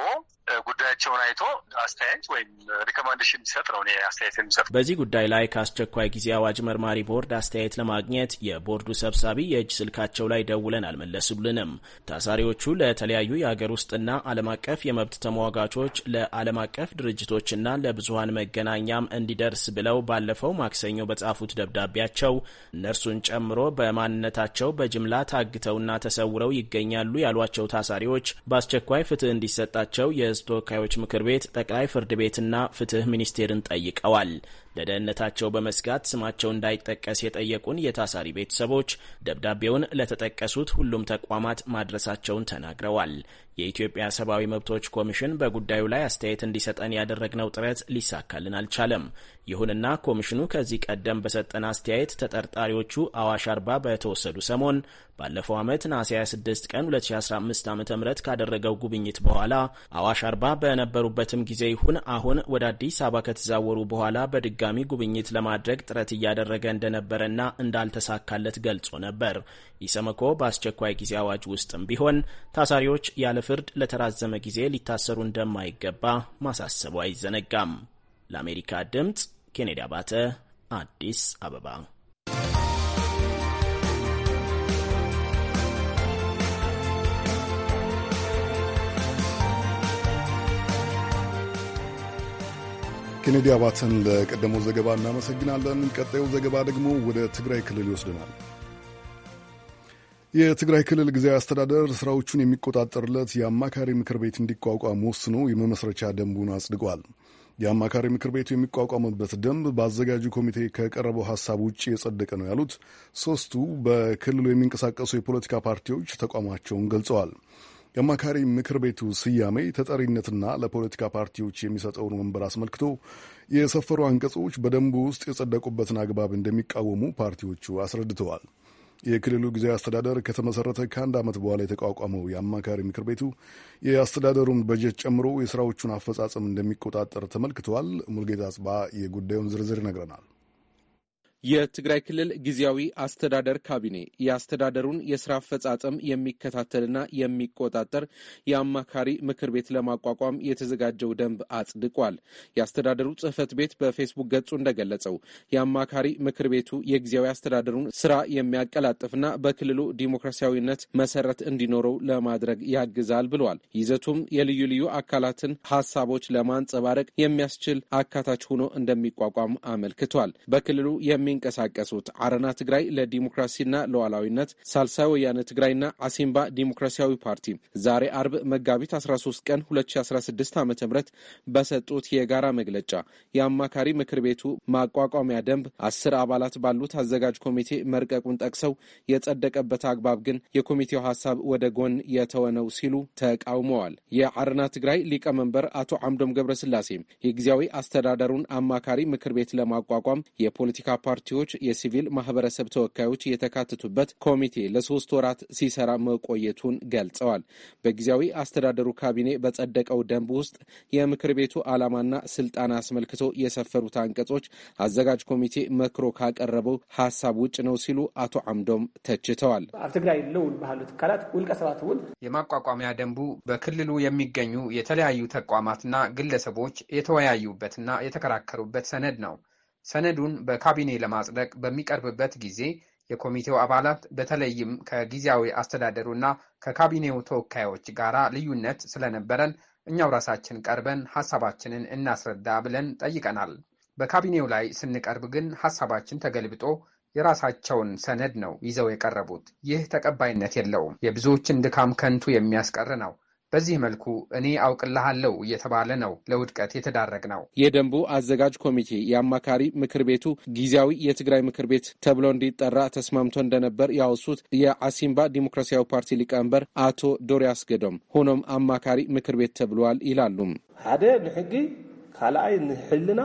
ጉዳያቸውን አይቶ አስተያየት ወይም ሪኮማንዴሽን የሚሰጥ ነው። አስተያየት የሚሰጥ በዚህ ጉዳይ ላይ ከአስቸኳይ ጊዜ አዋጅ መርማሪ ቦርድ አስተያየት ለማግኘት የቦርዱ ሰብሳቢ የእጅ ስልካቸው ላይ ደውለን አልመለሱልንም። ታሳሪዎቹ ለተለያዩ የሀገር ውስጥና ዓለም አቀፍ የመብት ተሟጋቾች ለዓለም አቀፍ ድርጅቶችና ለብዙሀን መገናኛም እንዲደርስ ብለው ባለፈው ማክሰኞ በጻፉት ደብዳቤያቸው እነርሱን ጨምሮ በማንነታቸው በጅምላ ታግተውና ተሰውረው ይገኛሉ ያሏቸው ታሳሪዎች በአስቸኳይ ፍትህ እንዲሰጣቸው የህዝብ ተወካዮች ምክር ቤት፣ ጠቅላይ ፍርድ ቤትና ፍትህ ሚኒስቴርን ጠይቀዋል። ለደህንነታቸው በመስጋት ስማቸው እንዳይጠቀስ የጠየቁን የታሳሪ ቤተሰቦች ደብዳቤውን ለተጠቀሱት ሁሉም ተቋማት ማድረሳቸውን ተናግረዋል። የኢትዮጵያ ሰብአዊ መብቶች ኮሚሽን በጉዳዩ ላይ አስተያየት እንዲሰጠን ያደረግነው ጥረት ሊሳካልን አልቻለም። ይሁንና ኮሚሽኑ ከዚህ ቀደም በሰጠን አስተያየት ተጠርጣሪዎቹ አዋሽ አርባ በተወሰዱ ሰሞን ባለፈው ዓመት ነሐሴ 26 ቀን 2015 ዓ ም ካደረገው ጉብኝት በኋላ አዋሽ አርባ በነበሩበትም ጊዜ ይሁን አሁን ወደ አዲስ አበባ ከተዛወሩ በኋላ በድጋሚ ጉብኝት ለማድረግ ጥረት እያደረገ እንደነበረና እንዳልተሳካለት ገልጾ ነበር። ኢሰመኮ በአስቸኳይ ጊዜ አዋጅ ውስጥም ቢሆን ታሳሪዎች ያለ ፍርድ ለተራዘመ ጊዜ ሊታሰሩ እንደማይገባ ማሳሰቡ አይዘነጋም። ለአሜሪካ ድምፅ ኬኔዲ አባተ አዲስ አበባ። ኬኔዲ አባተን ለቀደመው ዘገባ እናመሰግናለን። ቀጣዩ ዘገባ ደግሞ ወደ ትግራይ ክልል ይወስደናል። የትግራይ ክልል ጊዜያዊ አስተዳደር ስራዎቹን የሚቆጣጠርለት የአማካሪ ምክር ቤት እንዲቋቋም ወስኖ የመመስረቻ ደንቡን አጽድቋል። የአማካሪ ምክር ቤቱ የሚቋቋምበት ደንብ በአዘጋጁ ኮሚቴ ከቀረበው ሀሳብ ውጭ የጸደቀ ነው ያሉት ሶስቱ በክልሉ የሚንቀሳቀሱ የፖለቲካ ፓርቲዎች ተቋማቸውን ገልጸዋል። የአማካሪ ምክር ቤቱ ስያሜ ተጠሪነትና ለፖለቲካ ፓርቲዎች የሚሰጠውን ወንበር አስመልክቶ የሰፈሩ አንቀጾች በደንቡ ውስጥ የጸደቁበትን አግባብ እንደሚቃወሙ ፓርቲዎቹ አስረድተዋል። የክልሉ ጊዜ አስተዳደር ከተመሰረተ ከአንድ ዓመት በኋላ የተቋቋመው የአማካሪ ምክር ቤቱ የአስተዳደሩን በጀት ጨምሮ የስራዎቹን አፈጻጸም እንደሚቆጣጠር ተመልክተዋል። ሙልጌታ አጽባ የጉዳዩን ዝርዝር ይነግረናል። የትግራይ ክልል ጊዜያዊ አስተዳደር ካቢኔ የአስተዳደሩን የስራ አፈጻጸም የሚከታተልና የሚቆጣጠር የአማካሪ ምክር ቤት ለማቋቋም የተዘጋጀው ደንብ አጽድቋል። የአስተዳደሩ ጽህፈት ቤት በፌስቡክ ገጹ እንደገለጸው የአማካሪ ምክር ቤቱ የጊዜያዊ አስተዳደሩን ስራ የሚያቀላጥፍና በክልሉ ዲሞክራሲያዊነት መሰረት እንዲኖረው ለማድረግ ያግዛል ብለዋል። ይዘቱም የልዩ ልዩ አካላትን ሀሳቦች ለማንጸባረቅ የሚያስችል አካታች ሆኖ እንደሚቋቋም አመልክቷል። በክልሉ የሚ የሚንቀሳቀሱት አረና ትግራይ ለዲሞክራሲና ለዋላዊነት፣ ሳልሳይ ወያነ ትግራይና አሲምባ ዲሞክራሲያዊ ፓርቲ ዛሬ አርብ መጋቢት 13 ቀን 2016 ዓ ም በሰጡት የጋራ መግለጫ የአማካሪ ምክር ቤቱ ማቋቋሚያ ደንብ አስር አባላት ባሉት አዘጋጅ ኮሚቴ መርቀቁን ጠቅሰው የጸደቀበት አግባብ ግን የኮሚቴው ሀሳብ ወደ ጎን የተወ ነው ሲሉ ተቃውመዋል። የአረና ትግራይ ሊቀመንበር አቶ አምዶም ገብረስላሴ የጊዜያዊ አስተዳደሩን አማካሪ ምክር ቤት ለማቋቋም የፖለቲካ ፓርቲ ፓርቲዎች፣ የሲቪል ማህበረሰብ ተወካዮች የተካተቱበት ኮሚቴ ለሶስት ወራት ሲሰራ መቆየቱን ገልጸዋል። በጊዜያዊ አስተዳደሩ ካቢኔ በጸደቀው ደንብ ውስጥ የምክር ቤቱ ዓላማና ስልጣን አስመልክቶ የሰፈሩት አንቀጾች አዘጋጅ ኮሚቴ መክሮ ካቀረበው ሀሳብ ውጭ ነው ሲሉ አቶ አምዶም ተችተዋል። ኣብ ትግራይ ለውን ባህሉ ትካላት ውልቀ ሰባት እውን የማቋቋሚያ ደንቡ በክልሉ የሚገኙ የተለያዩ ተቋማትና ግለሰቦች የተወያዩበትና የተከራከሩበት ሰነድ ነው። ሰነዱን በካቢኔ ለማጽደቅ በሚቀርብበት ጊዜ የኮሚቴው አባላት በተለይም ከጊዜያዊ አስተዳደሩና ከካቢኔው ተወካዮች ጋራ ልዩነት ስለነበረን እኛው ራሳችን ቀርበን ሀሳባችንን እናስረዳ ብለን ጠይቀናል። በካቢኔው ላይ ስንቀርብ ግን ሀሳባችን ተገልብጦ የራሳቸውን ሰነድ ነው ይዘው የቀረቡት። ይህ ተቀባይነት የለውም። የብዙዎችን ድካም ከንቱ የሚያስቀር ነው። በዚህ መልኩ እኔ አውቅልሃለሁ እየተባለ ነው ለውድቀት የተዳረግ ነው። የደንቡ አዘጋጅ ኮሚቴ የአማካሪ ምክር ቤቱ ጊዜያዊ የትግራይ ምክር ቤት ተብሎ እንዲጠራ ተስማምቶ እንደነበር ያወሱት የአሲምባ ዲሞክራሲያዊ ፓርቲ ሊቀመንበር አቶ ዶሪ ገዶም ሆኖም አማካሪ ምክር ቤት ተብለዋል ይላሉም። ሓደ ንሕጊ ካልኣይ ንሕልና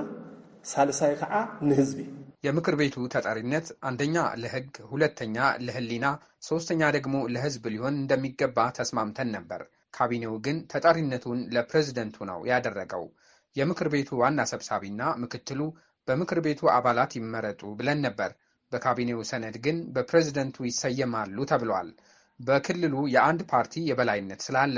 ሳልሳይ ከዓ ንህዝቢ የምክር ቤቱ ተጠሪነት አንደኛ ለህግ ሁለተኛ ለህሊና፣ ሶስተኛ ደግሞ ለህዝብ ሊሆን እንደሚገባ ተስማምተን ነበር። ካቢኔው ግን ተጠሪነቱን ለፕሬዝደንቱ ነው ያደረገው። የምክር ቤቱ ዋና ሰብሳቢና ምክትሉ በምክር ቤቱ አባላት ይመረጡ ብለን ነበር። በካቢኔው ሰነድ ግን በፕሬዝደንቱ ይሰየማሉ ተብሏል። በክልሉ የአንድ ፓርቲ የበላይነት ስላለ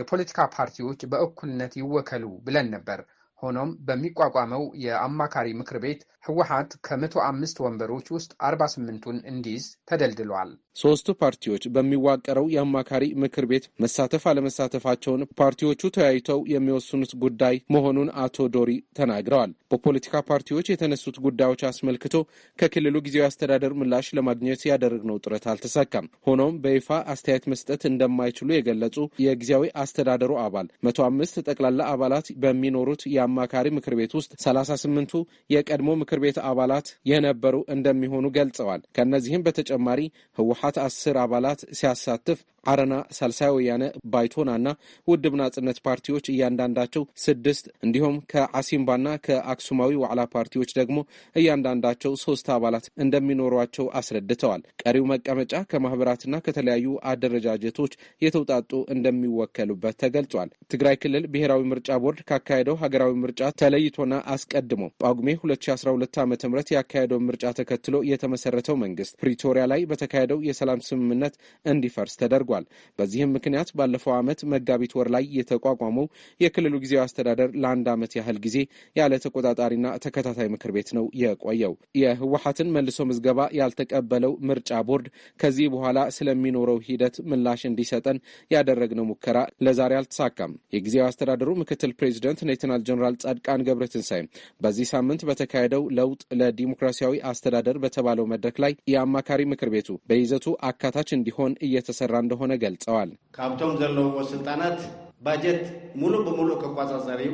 የፖለቲካ ፓርቲዎች በእኩልነት ይወከሉ ብለን ነበር። ሆኖም በሚቋቋመው የአማካሪ ምክር ቤት ህወሀት ከመቶ አምስት ወንበሮች ውስጥ አርባ ስምንቱን እንዲይዝ ተደልድሏል። ሶስቱ ፓርቲዎች በሚዋቀረው የአማካሪ ምክር ቤት መሳተፍ አለመሳተፋቸውን ፓርቲዎቹ ተያይተው የሚወስኑት ጉዳይ መሆኑን አቶ ዶሪ ተናግረዋል። በፖለቲካ ፓርቲዎች የተነሱት ጉዳዮች አስመልክቶ ከክልሉ ጊዜያዊ አስተዳደር ምላሽ ለማግኘት ያደረግነው ጥረት አልተሳካም። ሆኖም በይፋ አስተያየት መስጠት እንደማይችሉ የገለጹ የጊዜያዊ አስተዳደሩ አባል መቶ አምስት ጠቅላላ አባላት በሚኖሩት የ አማካሪ ምክር ቤት ውስጥ ሰላሳ ስምንቱ የቀድሞ ምክር ቤት አባላት የነበሩ እንደሚሆኑ ገልጸዋል። ከእነዚህም በተጨማሪ ህወሀት አስር አባላት ሲያሳትፍ አረና፣ ሳልሳይ ወያነ፣ ባይቶናና ውድብ ናጽነት ፓርቲዎች እያንዳንዳቸው ስድስት እንዲሁም ከአሲምባና ከአክሱማዊ ዋዕላ ፓርቲዎች ደግሞ እያንዳንዳቸው ሶስት አባላት እንደሚኖሯቸው አስረድተዋል። ቀሪው መቀመጫ ከማህበራትና ከተለያዩ አደረጃጀቶች የተውጣጡ እንደሚወከሉበት ተገልጿል። ትግራይ ክልል ብሔራዊ ምርጫ ቦርድ ካካሄደው ሀገራዊ ምርጫ ተለይቶና አስቀድሞ ጳጉሜ 2012 ዓ ም ያካሄደውን ምርጫ ተከትሎ የተመሰረተው መንግስት ፕሪቶሪያ ላይ በተካሄደው የሰላም ስምምነት እንዲፈርስ ተደርጓል። ተደርጓል። በዚህም ምክንያት ባለፈው ዓመት መጋቢት ወር ላይ የተቋቋመው የክልሉ ጊዜያዊ አስተዳደር ለአንድ ዓመት ያህል ጊዜ ያለ ተቆጣጣሪና ተከታታይ ምክር ቤት ነው የቆየው። የህወሀትን መልሶ ምዝገባ ያልተቀበለው ምርጫ ቦርድ ከዚህ በኋላ ስለሚኖረው ሂደት ምላሽ እንዲሰጠን ያደረግነው ሙከራ ለዛሬ አልተሳካም። የጊዜያዊ አስተዳደሩ ምክትል ፕሬዚደንት ሌተናል ጀኔራል ጻድቃን ገብረትንሳይ በዚህ ሳምንት በተካሄደው ለውጥ ለዲሞክራሲያዊ አስተዳደር በተባለው መድረክ ላይ የአማካሪ ምክር ቤቱ በይዘቱ አካታች እንዲሆን እየተሰራ እንደሆነ እንደሆነ ገልጸዋል። ካብቶም ዘለዎ ስልጣናት ባጀት ሙሉ በሙሉ ከቋጻጻሪው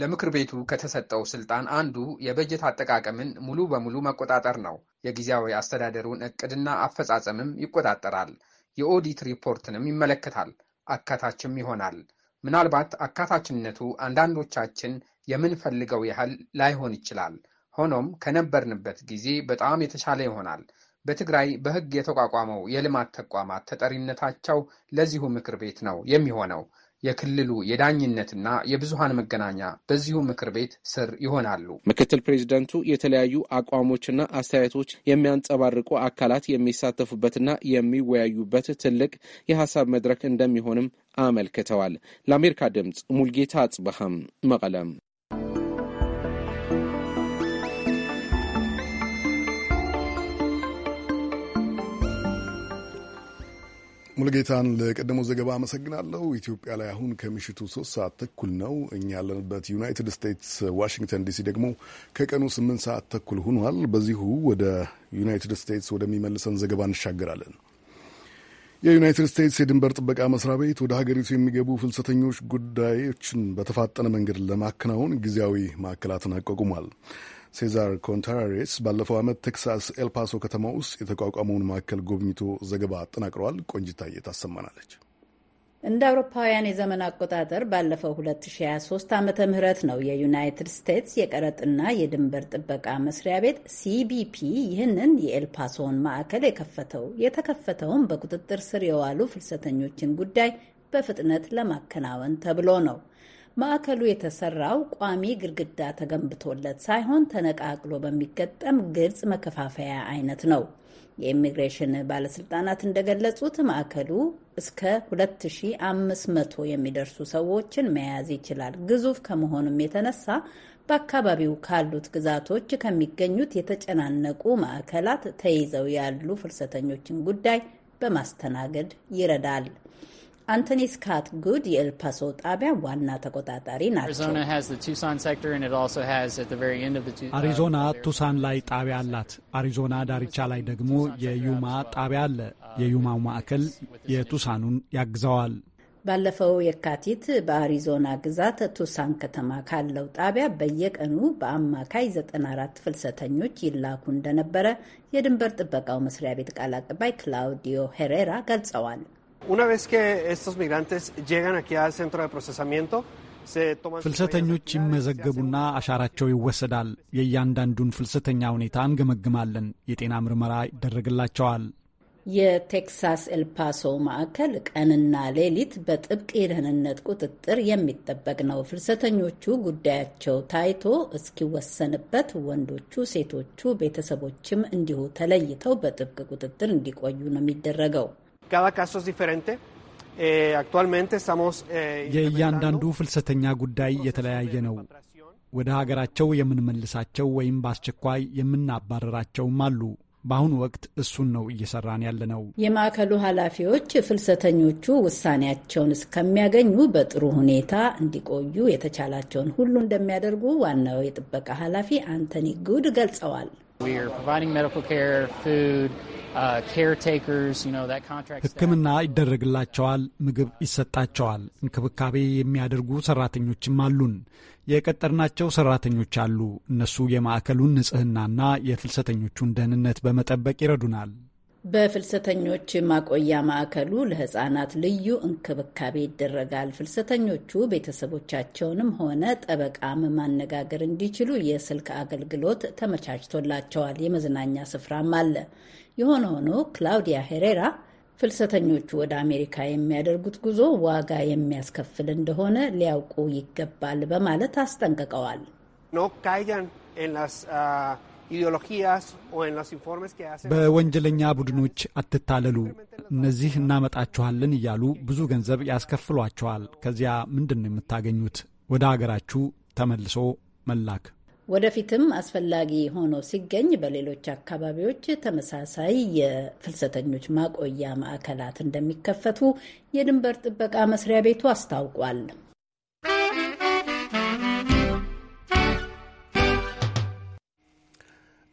ለምክር ቤቱ ከተሰጠው ስልጣን አንዱ የበጀት አጠቃቀምን ሙሉ በሙሉ መቆጣጠር ነው። የጊዜያዊ አስተዳደሩን እቅድና አፈጻጸምም ይቆጣጠራል። የኦዲት ሪፖርትንም ይመለከታል፣ አካታችም ይሆናል። ምናልባት አካታችነቱ አንዳንዶቻችን የምንፈልገው ያህል ላይሆን ይችላል። ሆኖም ከነበርንበት ጊዜ በጣም የተሻለ ይሆናል። በትግራይ በሕግ የተቋቋመው የልማት ተቋማት ተጠሪነታቸው ለዚሁ ምክር ቤት ነው የሚሆነው። የክልሉ የዳኝነትና የብዙሃን መገናኛ በዚሁ ምክር ቤት ስር ይሆናሉ። ምክትል ፕሬዚደንቱ የተለያዩ አቋሞችና አስተያየቶች የሚያንጸባርቁ አካላት የሚሳተፉበትና የሚወያዩበት ትልቅ የሀሳብ መድረክ እንደሚሆንም አመልክተዋል። ለአሜሪካ ድምፅ ሙልጌታ አጽበሃም መቀለም ሙልጌታን ለቀደመው ዘገባ አመሰግናለሁ። ኢትዮጵያ ላይ አሁን ከምሽቱ ሶስት ሰዓት ተኩል ነው። እኛ ያለንበት ዩናይትድ ስቴትስ ዋሽንግተን ዲሲ ደግሞ ከቀኑ ስምንት ሰዓት ተኩል ሆኗል። በዚሁ ወደ ዩናይትድ ስቴትስ ወደሚመልሰን ዘገባ እንሻገራለን። የዩናይትድ ስቴትስ የድንበር ጥበቃ መስሪያ ቤት ወደ ሀገሪቱ የሚገቡ ፍልሰተኞች ጉዳዮችን በተፋጠነ መንገድ ለማከናወን ጊዜያዊ ማዕከላትን አቋቁሟል። ሴዛር ኮንትራሬስ ባለፈው ዓመት ቴክሳስ ኤልፓሶ ከተማ ውስጥ የተቋቋመውን ማዕከል ጎብኝቶ ዘገባ አጠናቅረዋል። ቆንጅታዬ ታሰማናለች። እንደ አውሮፓውያን የዘመን አቆጣጠር ባለፈው 2023 ዓመተ ምህረት ነው የዩናይትድ ስቴትስ የቀረጥና የድንበር ጥበቃ መስሪያ ቤት ሲቢፒ ይህንን የኤልፓሶን ማዕከል የከፈተው። የተከፈተውም በቁጥጥር ስር የዋሉ ፍልሰተኞችን ጉዳይ በፍጥነት ለማከናወን ተብሎ ነው። ማዕከሉ የተሰራው ቋሚ ግድግዳ ተገንብቶለት ሳይሆን ተነቃቅሎ በሚገጠም ግልጽ መከፋፈያ አይነት ነው። የኢሚግሬሽን ባለስልጣናት እንደገለጹት ማዕከሉ እስከ 2500 የሚደርሱ ሰዎችን መያዝ ይችላል። ግዙፍ ከመሆኑም የተነሳ በአካባቢው ካሉት ግዛቶች ከሚገኙት የተጨናነቁ ማዕከላት ተይዘው ያሉ ፍልሰተኞችን ጉዳይ በማስተናገድ ይረዳል። አንቶኒ ስካት ጉድ የኤልፓሶ ጣቢያ ዋና ተቆጣጣሪ ናቸው። አሪዞና ቱሳን uh, ላይ ጣቢያ አላት። አሪዞና ዳርቻ ላይ ደግሞ የዩማ ጣቢያ አለ። የዩማው ማዕከል የቱሳኑን ያግዘዋል። ባለፈው የካቲት በአሪዞና ግዛት ቱሳን ከተማ ካለው ጣቢያ በየቀኑ በአማካይ 94 ፍልሰተኞች ይላኩ እንደነበረ የድንበር ጥበቃው መስሪያ ቤት ቃል አቀባይ ክላውዲዮ ሄሬራ ገልጸዋል። Una vez que estos migrantes llegan aquí al centro de procesamiento, ፍልሰተኞች ይመዘገቡና አሻራቸው ይወሰዳል። የእያንዳንዱን ፍልሰተኛ ሁኔታ እንገመግማለን። የጤና ምርመራ ይደረግላቸዋል። የቴክሳስ ኤልፓሶ ማዕከል ቀንና ሌሊት በጥብቅ የደህንነት ቁጥጥር የሚጠበቅ ነው። ፍልሰተኞቹ ጉዳያቸው ታይቶ እስኪወሰንበት ወንዶቹ፣ ሴቶቹ ቤተሰቦችም እንዲሁ ተለይተው በጥብቅ ቁጥጥር እንዲቆዩ ነው የሚደረገው። cada caso es diferente. Eh, eh, የእያንዳንዱ ፍልሰተኛ ጉዳይ የተለያየ ነው። ወደ ሀገራቸው የምንመልሳቸው ወይም በአስቸኳይ የምናባረራቸውም አሉ። በአሁኑ ወቅት እሱን ነው እየሰራን ያለ ነው። የማዕከሉ ኃላፊዎች ፍልሰተኞቹ ውሳኔያቸውን እስከሚያገኙ በጥሩ ሁኔታ እንዲቆዩ የተቻላቸውን ሁሉ እንደሚያደርጉ ዋናው የጥበቃ ኃላፊ አንቶኒ ጉድ ገልጸዋል። ሕክምና ይደረግላቸዋል፣ ምግብ ይሰጣቸዋል። እንክብካቤ የሚያደርጉ ሰራተኞችም አሉን። የቀጠርናቸው ሰራተኞች አሉ። እነሱ የማዕከሉን ንጽህናና የፍልሰተኞቹን ደህንነት በመጠበቅ ይረዱናል። በፍልሰተኞች ማቆያ ማዕከሉ ለህፃናት ልዩ እንክብካቤ ይደረጋል። ፍልሰተኞቹ ቤተሰቦቻቸውንም ሆነ ጠበቃም ማነጋገር እንዲችሉ የስልክ አገልግሎት ተመቻችቶላቸዋል። የመዝናኛ ስፍራም አለ። የሆነ ሆኖ ክላውዲያ ሄሬራ ፍልሰተኞቹ ወደ አሜሪካ የሚያደርጉት ጉዞ ዋጋ የሚያስከፍል እንደሆነ ሊያውቁ ይገባል በማለት አስጠንቅቀዋል። በወንጀለኛ ቡድኖች አትታለሉ፣ እነዚህ እናመጣችኋለን እያሉ ብዙ ገንዘብ ያስከፍሏቸዋል። ከዚያ ምንድን ነው የምታገኙት? ወደ አገራችሁ ተመልሶ መላክ። ወደፊትም አስፈላጊ ሆኖ ሲገኝ በሌሎች አካባቢዎች ተመሳሳይ የፍልሰተኞች ማቆያ ማዕከላት እንደሚከፈቱ የድንበር ጥበቃ መስሪያ ቤቱ አስታውቋል።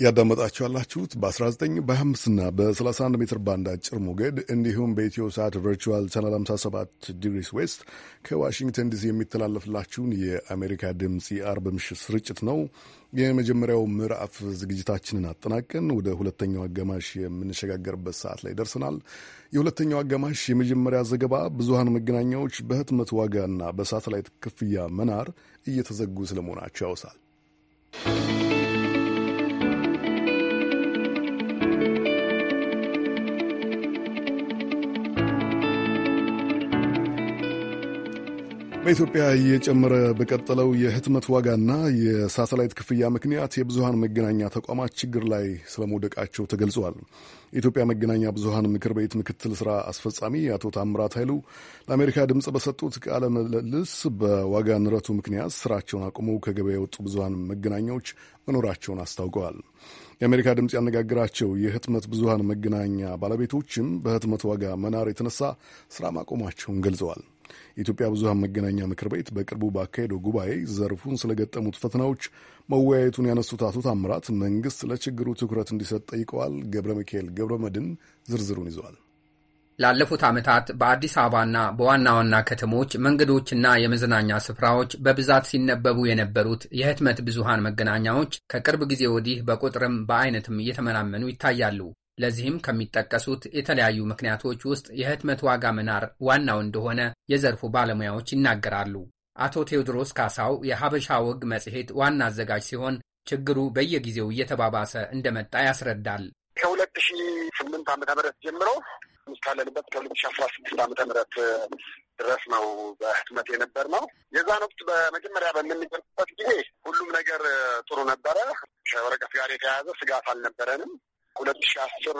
ያዳመጣችሁ ያላችሁት በ19 25 እና በ31 ሜትር ባንድ አጭር ሞገድ እንዲሁም በኢትዮ ሰዓት ቨርቹዋል ቻናል 57 ዲግሪስ ዌስት ከዋሽንግተን ዲሲ የሚተላለፍላችሁን የአሜሪካ ድምፅ የአርብ ምሽት ስርጭት ነው። የመጀመሪያው ምዕራፍ ዝግጅታችንን አጠናቀን ወደ ሁለተኛው አጋማሽ የምንሸጋገርበት ሰዓት ላይ ደርሰናል። የሁለተኛው አጋማሽ የመጀመሪያ ዘገባ ብዙሃን መገናኛዎች በህትመት ዋጋና በሳተላይት ክፍያ መናር እየተዘጉ ስለመሆናቸው ያውሳል። በኢትዮጵያ እየጨመረ በቀጠለው የህትመት ዋጋና የሳተላይት ክፍያ ምክንያት የብዙሃን መገናኛ ተቋማት ችግር ላይ ስለመውደቃቸው ተገልጸዋል። የኢትዮጵያ መገናኛ ብዙሃን ምክር ቤት ምክትል ስራ አስፈጻሚ አቶ ታምራት ኃይሉ ለአሜሪካ ድምፅ በሰጡት ቃለ ምልልስ በዋጋ ንረቱ ምክንያት ስራቸውን አቁመው ከገበያ የወጡ ብዙሃን መገናኛዎች መኖራቸውን አስታውቀዋል። የአሜሪካ ድምፅ ያነጋግራቸው የህትመት ብዙሃን መገናኛ ባለቤቶችም በህትመት ዋጋ መናር የተነሳ ስራ ማቆማቸውን ገልጸዋል። የኢትዮጵያ ብዙሃን መገናኛ ምክር ቤት በቅርቡ ባካሄደው ጉባኤ ዘርፉን ስለገጠሙት ፈተናዎች መወያየቱን ያነሱት አቶ ታምራት መንግስት ለችግሩ ትኩረት እንዲሰጥ ጠይቀዋል። ገብረ ሚካኤል ገብረ መድን ዝርዝሩን ይዘዋል። ላለፉት ዓመታት በአዲስ አበባና በዋና ዋና ከተሞች መንገዶችና የመዝናኛ ስፍራዎች በብዛት ሲነበቡ የነበሩት የህትመት ብዙሃን መገናኛዎች ከቅርብ ጊዜ ወዲህ በቁጥርም በአይነትም እየተመናመኑ ይታያሉ። ለዚህም ከሚጠቀሱት የተለያዩ ምክንያቶች ውስጥ የህትመት ዋጋ መናር ዋናው እንደሆነ የዘርፉ ባለሙያዎች ይናገራሉ። አቶ ቴዎድሮስ ካሳው የሀበሻ ወግ መጽሔት ዋና አዘጋጅ ሲሆን ችግሩ በየጊዜው እየተባባሰ እንደመጣ ያስረዳል። ከሁለት ሺ ስምንት ዓመተ ምህረት ጀምሮ እስካለንበት ከሁለት ሺ አስራ ስድስት ዓመተ ምህረት ድረስ ነው በህትመት የነበር ነው። የዛን ወቅት በመጀመሪያ በምንጀምርበት ጊዜ ሁሉም ነገር ጥሩ ነበረ። ከወረቀት ጋር የተያያዘ ስጋት አልነበረንም። ሁለት ሺ አስር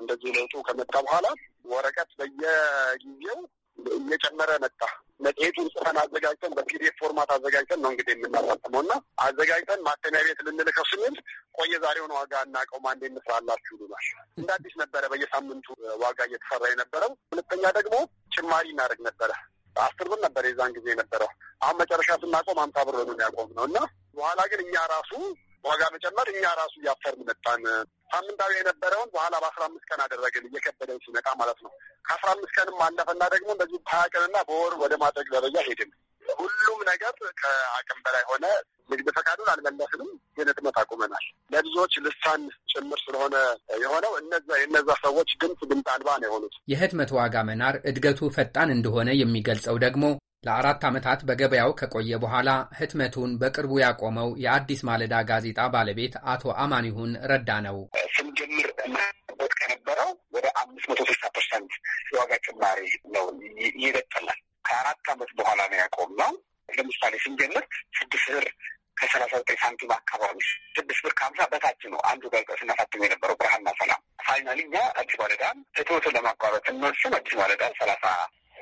እንደዚህ ለውጡ ከመጣ በኋላ ወረቀት በየጊዜው እየጨመረ መጣ። መጽሔቱን ጽፈን አዘጋጅተን በፒዲኤፍ ፎርማት አዘጋጅተን ነው እንግዲህ የምናሳትመው እና አዘጋጅተን ማተሚያ ቤት ልንልከው ስንል ቆየ ዛሬውን ዋጋ እናቀውም አንዴ እንስራላችሁ ይሉናል። እንደ አዲስ ነበረ በየሳምንቱ ዋጋ እየተሰራ የነበረው። ሁለተኛ ደግሞ ጭማሪ እናደርግ ነበረ። አስር ብር ነበር የዛን ጊዜ የነበረው። አሁን መጨረሻ ስናቆም አምሳ ብር ነው ያቆም ነው እና በኋላ ግን እኛ ራሱ ዋጋ መጨመር እኛ ራሱ እያፈርን መጣን። ሳምንታዊ የነበረውን በኋላ በአስራ አምስት ቀን አደረግን እየከበደን ሲመጣ ማለት ነው። ከአስራ አምስት ቀንም አለፈና ደግሞ እንደዚህ በሀያ ቀንና በወር ወደ ማድረግ ደረጃ ሄድን። ሁሉም ነገር ከአቅም በላይ ሆነ። ንግድ ፈቃዱን አልመለስንም፣ ግን ህትመት አቁመናል። ለብዙዎች ልሳን ጭምር ስለሆነ የሆነው የነዛ ሰዎች ድምፅ ድምፅ አልባ ነው የሆኑት። የህትመት ዋጋ መናር እድገቱ ፈጣን እንደሆነ የሚገልጸው ደግሞ ለአራት ዓመታት በገበያው ከቆየ በኋላ ህትመቱን በቅርቡ ያቆመው የአዲስ ማለዳ ጋዜጣ ባለቤት አቶ አማኒሁን ረዳ ነው። ስንጀምር እናበት ከነበረው ወደ አምስት መቶ ስልሳ ፐርሰንት የዋጋ ጭማሪ ነው ይበጠላል። ከአራት ዓመት በኋላ ነው ያቆምነው። ለምሳሌ ስንጀምር ስድስት ብር ከሰላሳ ዘጠኝ ሳንቲም አካባቢ ስድስት ብር ከሀምሳ በታች ነው አንዱ ጋዜጣ ስናሳትም የነበረው ብርሃንና ሰላም። ፋይናል እኛ አዲስ ማለዳን ህትመቱን ለማቋረጥ ስንወስን አዲስ ማለዳ ሰላሳ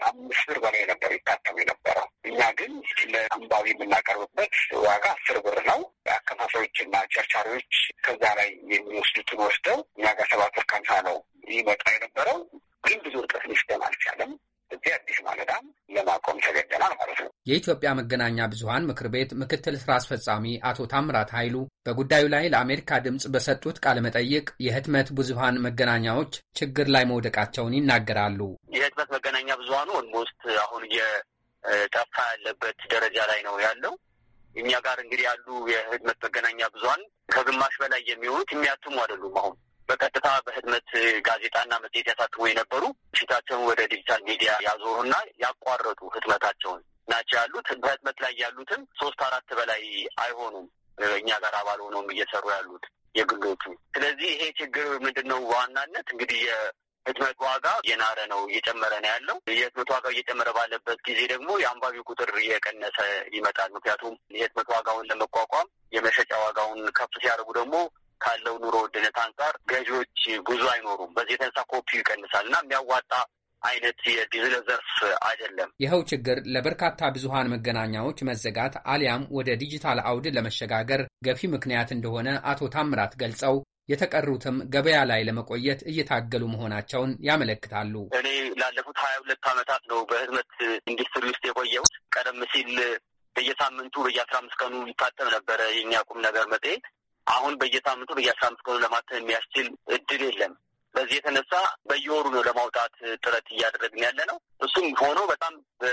አምስት ብር በላይ ነበር ይታተም የነበረው። እኛ ግን ለአንባቢ የምናቀርብበት ዋጋ አስር ብር ነው። አከፋፋዮችና ቸርቻሪዎች ከዛ ላይ የሚወስዱትን ወስደው እኛ ጋር ሰባት ብር ከሀምሳ ነው ይመጣ የነበረው። ግን ብዙ እርቀት ሊስደን አልቻለም። እዚህ አዲስ ማለዳም ለማቆም ተገደናል ማለት ነው። የኢትዮጵያ መገናኛ ብዙሀን ምክር ቤት ምክትል ስራ አስፈጻሚ አቶ ታምራት ኃይሉ በጉዳዩ ላይ ለአሜሪካ ድምፅ በሰጡት ቃለ መጠይቅ የህትመት ብዙሀን መገናኛዎች ችግር ላይ መውደቃቸውን ይናገራሉ። የህትመት መገናኛ ብዙሀኑ ኦልሞስት አሁን የጠፋ ያለበት ደረጃ ላይ ነው ያለው። እኛ ጋር እንግዲህ ያሉ የህትመት መገናኛ ብዙሀን ከግማሽ በላይ የሚሆኑት የሚያትሙ አይደሉም አሁን በቀጥታ በህትመት ጋዜጣና መጽሔት ያሳትሙ የነበሩ ፊታቸውን ወደ ዲጂታል ሚዲያ ያዞሩና ያቋረጡ ህትመታቸውን ናቸው ያሉት። በህትመት ላይ ያሉትም ሶስት አራት በላይ አይሆኑም። እኛ ጋር አባል ሆኖም እየሰሩ ያሉት የግሎቹ። ስለዚህ ይሄ ችግር ምንድን ነው? በዋናነት እንግዲህ የህትመት ዋጋ እየናረ ነው፣ እየጨመረ ነው ያለው። የህትመት ዋጋ እየጨመረ ባለበት ጊዜ ደግሞ የአንባቢው ቁጥር እየቀነሰ ይመጣል። ምክንያቱም የህትመት ዋጋውን ለመቋቋም የመሸጫ ዋጋውን ከፍ ሲያደርጉ ደግሞ ካለው ኑሮ ውድነት አንጻር ገዢዎች ጉዞ አይኖሩም። በዚህ የተነሳ ኮፒው ይቀንሳል እና የሚያዋጣ አይነት የቢዝነስ ዘርፍ አይደለም። ይኸው ችግር ለበርካታ ብዙሃን መገናኛዎች መዘጋት አሊያም ወደ ዲጂታል አውድ ለመሸጋገር ገፊ ምክንያት እንደሆነ አቶ ታምራት ገልጸው የተቀሩትም ገበያ ላይ ለመቆየት እየታገሉ መሆናቸውን ያመለክታሉ። እኔ ላለፉት ሀያ ሁለት ዓመታት ነው በህትመት ኢንዱስትሪ ውስጥ የቆየሁት። ቀደም ሲል በየሳምንቱ በየአስራ አምስት ቀኑ ይታተም ነበረ የኛ ቁም ነገር መጽሔት አሁን በየሳምንቱ በየአስራ አምስት ቀኑ ለማተም የሚያስችል እድል የለም። በዚህ የተነሳ በየወሩ ነው ለማውጣት ጥረት እያደረግን ያለ ነው። እሱም ሆኖ በጣም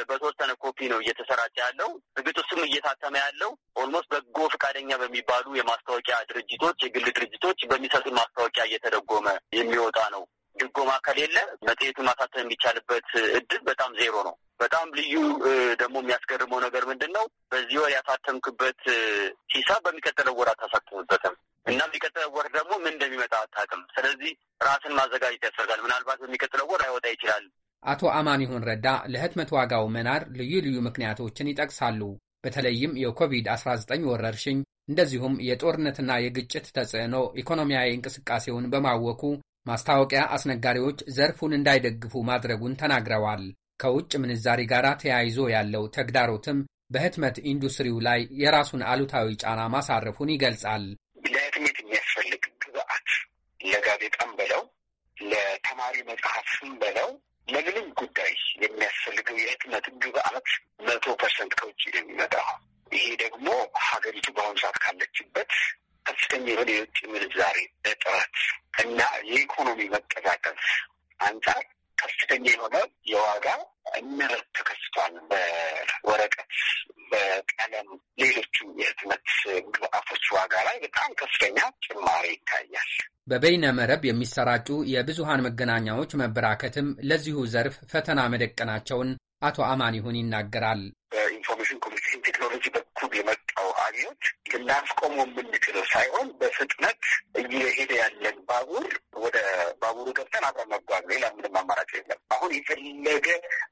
በተወሰነ ኮፒ ነው እየተሰራጨ ያለው። እርግጥ እሱም እየታተመ ያለው ኦልሞስት በጎ ፈቃደኛ በሚባሉ የማስታወቂያ ድርጅቶች፣ የግል ድርጅቶች በሚሰጡን ማስታወቂያ እየተደጎመ የሚወጣ ነው። ድጎማ ከሌለ መጽሔቱ ማሳተም የሚቻልበት እድል በጣም ዜሮ ነው። በጣም ልዩ ደግሞ የሚያስገርመው ነገር ምንድን ነው? በዚህ ወር ያሳተምክበት ሂሳብ በሚቀጥለው ወር አታሳተምበትም እና የሚቀጥለው ወር ደግሞ ምን እንደሚመጣ አታውቅም። ስለዚህ ራስን ማዘጋጀት ያስፈልጋል። ምናልባት በሚቀጥለው ወር አይወጣ ይችላል። አቶ አማኒሁን ረዳ ለህትመት ዋጋው መናር ልዩ ልዩ ምክንያቶችን ይጠቅሳሉ። በተለይም የኮቪድ-19 ወረርሽኝ እንደዚሁም የጦርነትና የግጭት ተጽዕኖ ኢኮኖሚያዊ እንቅስቃሴውን በማወኩ ማስታወቂያ አስነጋሪዎች ዘርፉን እንዳይደግፉ ማድረጉን ተናግረዋል። ከውጭ ምንዛሪ ጋር ተያይዞ ያለው ተግዳሮትም በህትመት ኢንዱስትሪው ላይ የራሱን አሉታዊ ጫና ማሳረፉን ይገልጻል። ለህትመት የሚያስፈልግ ግብአት ለጋዜጣም በለው ለተማሪ መጽሐፍም በለው ለምንም ጉዳይ የሚያስፈልገው የህትመት ግብአት መቶ ፐርሰንት ከውጭ ነው የሚመጣው። ይሄ ደግሞ ሀገሪቱ በአሁኑ ሰዓት ካለችበት ከፍተኛ የሆነ የውጭ ምንዛሬ እጥረት እና የኢኮኖሚ መቀዛቀዝ አንጻር ከፍተኛ የሆነ የዋጋ እንረት ተከስቷል። በወረቀት፣ በቀለም፣ ሌሎችም የህትመት ግብአቶች ዋጋ ላይ በጣም ከፍተኛ ጭማሪ ይታያል። በበይነ መረብ የሚሰራጩ የብዙሃን መገናኛዎች መበራከትም ለዚሁ ዘርፍ ፈተና መደቀናቸውን አቶ አማን ይሁን ይናገራል። በኢንፎርሜሽን ኮሚኒኬሽን ቴክኖሎጂ በኩል የመጣው አብዮት ልናስቆሙ የምንችለው ሳይሆን በፍጥነት እየሄደ ያለን ባቡር ወደ ባቡሩ ገብተን አብረን መጓዝ፣ ሌላ ምንም አማራጭ የለም። አሁን የፈለገ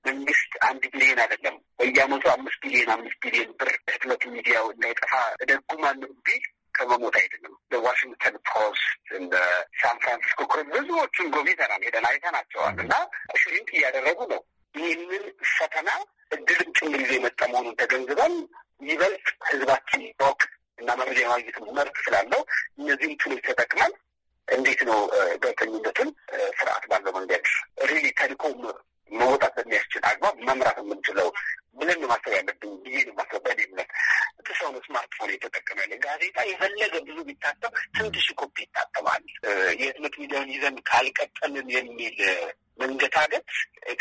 መንግስት አንድ ቢሊዮን አይደለም በየአመቱ አምስት ቢሊዮን አምስት ቢሊዮን ብር ህትመት ሚዲያው እንዳይጠፋ እደጉማለሁ ቢል ከመሞት አይደለም። በዋሽንግተን ፖስት እንደ ሳን ፍራንሲስኮ ብዙዎቹን ጎብኝተናል፣ ሄደን አይተናቸዋል እና ሽሪንክ እያደረጉ ነው ይህንን ፈተና እድልም ጭምር ይዞ የመጣ መሆኑን ተገንዝበን ይበልጥ ህዝባችን ወቅ እና መረጃ የማግኘት መርት ስላለው እነዚህም ቱሎች ተጠቅመን እንዴት ነው ጋዜጠኝነትን ስርዓት ባለው መንገድ ሪሊ ተልእኮም መወጣት በሚያስችል አግባብ መምራት የምንችለው ብለን ማሰብ ያለብን ብዬ ማሰብ በእኔ እምነት ሰው ነው ስማርትፎን የተጠቀመ ያለ ጋዜጣ የፈለገ ብዙ ቢታተም ሺ ኮፒ ይታተማል። የህትመት ሚዲያውን ይዘን ካልቀጠልን የሚል መንገታገት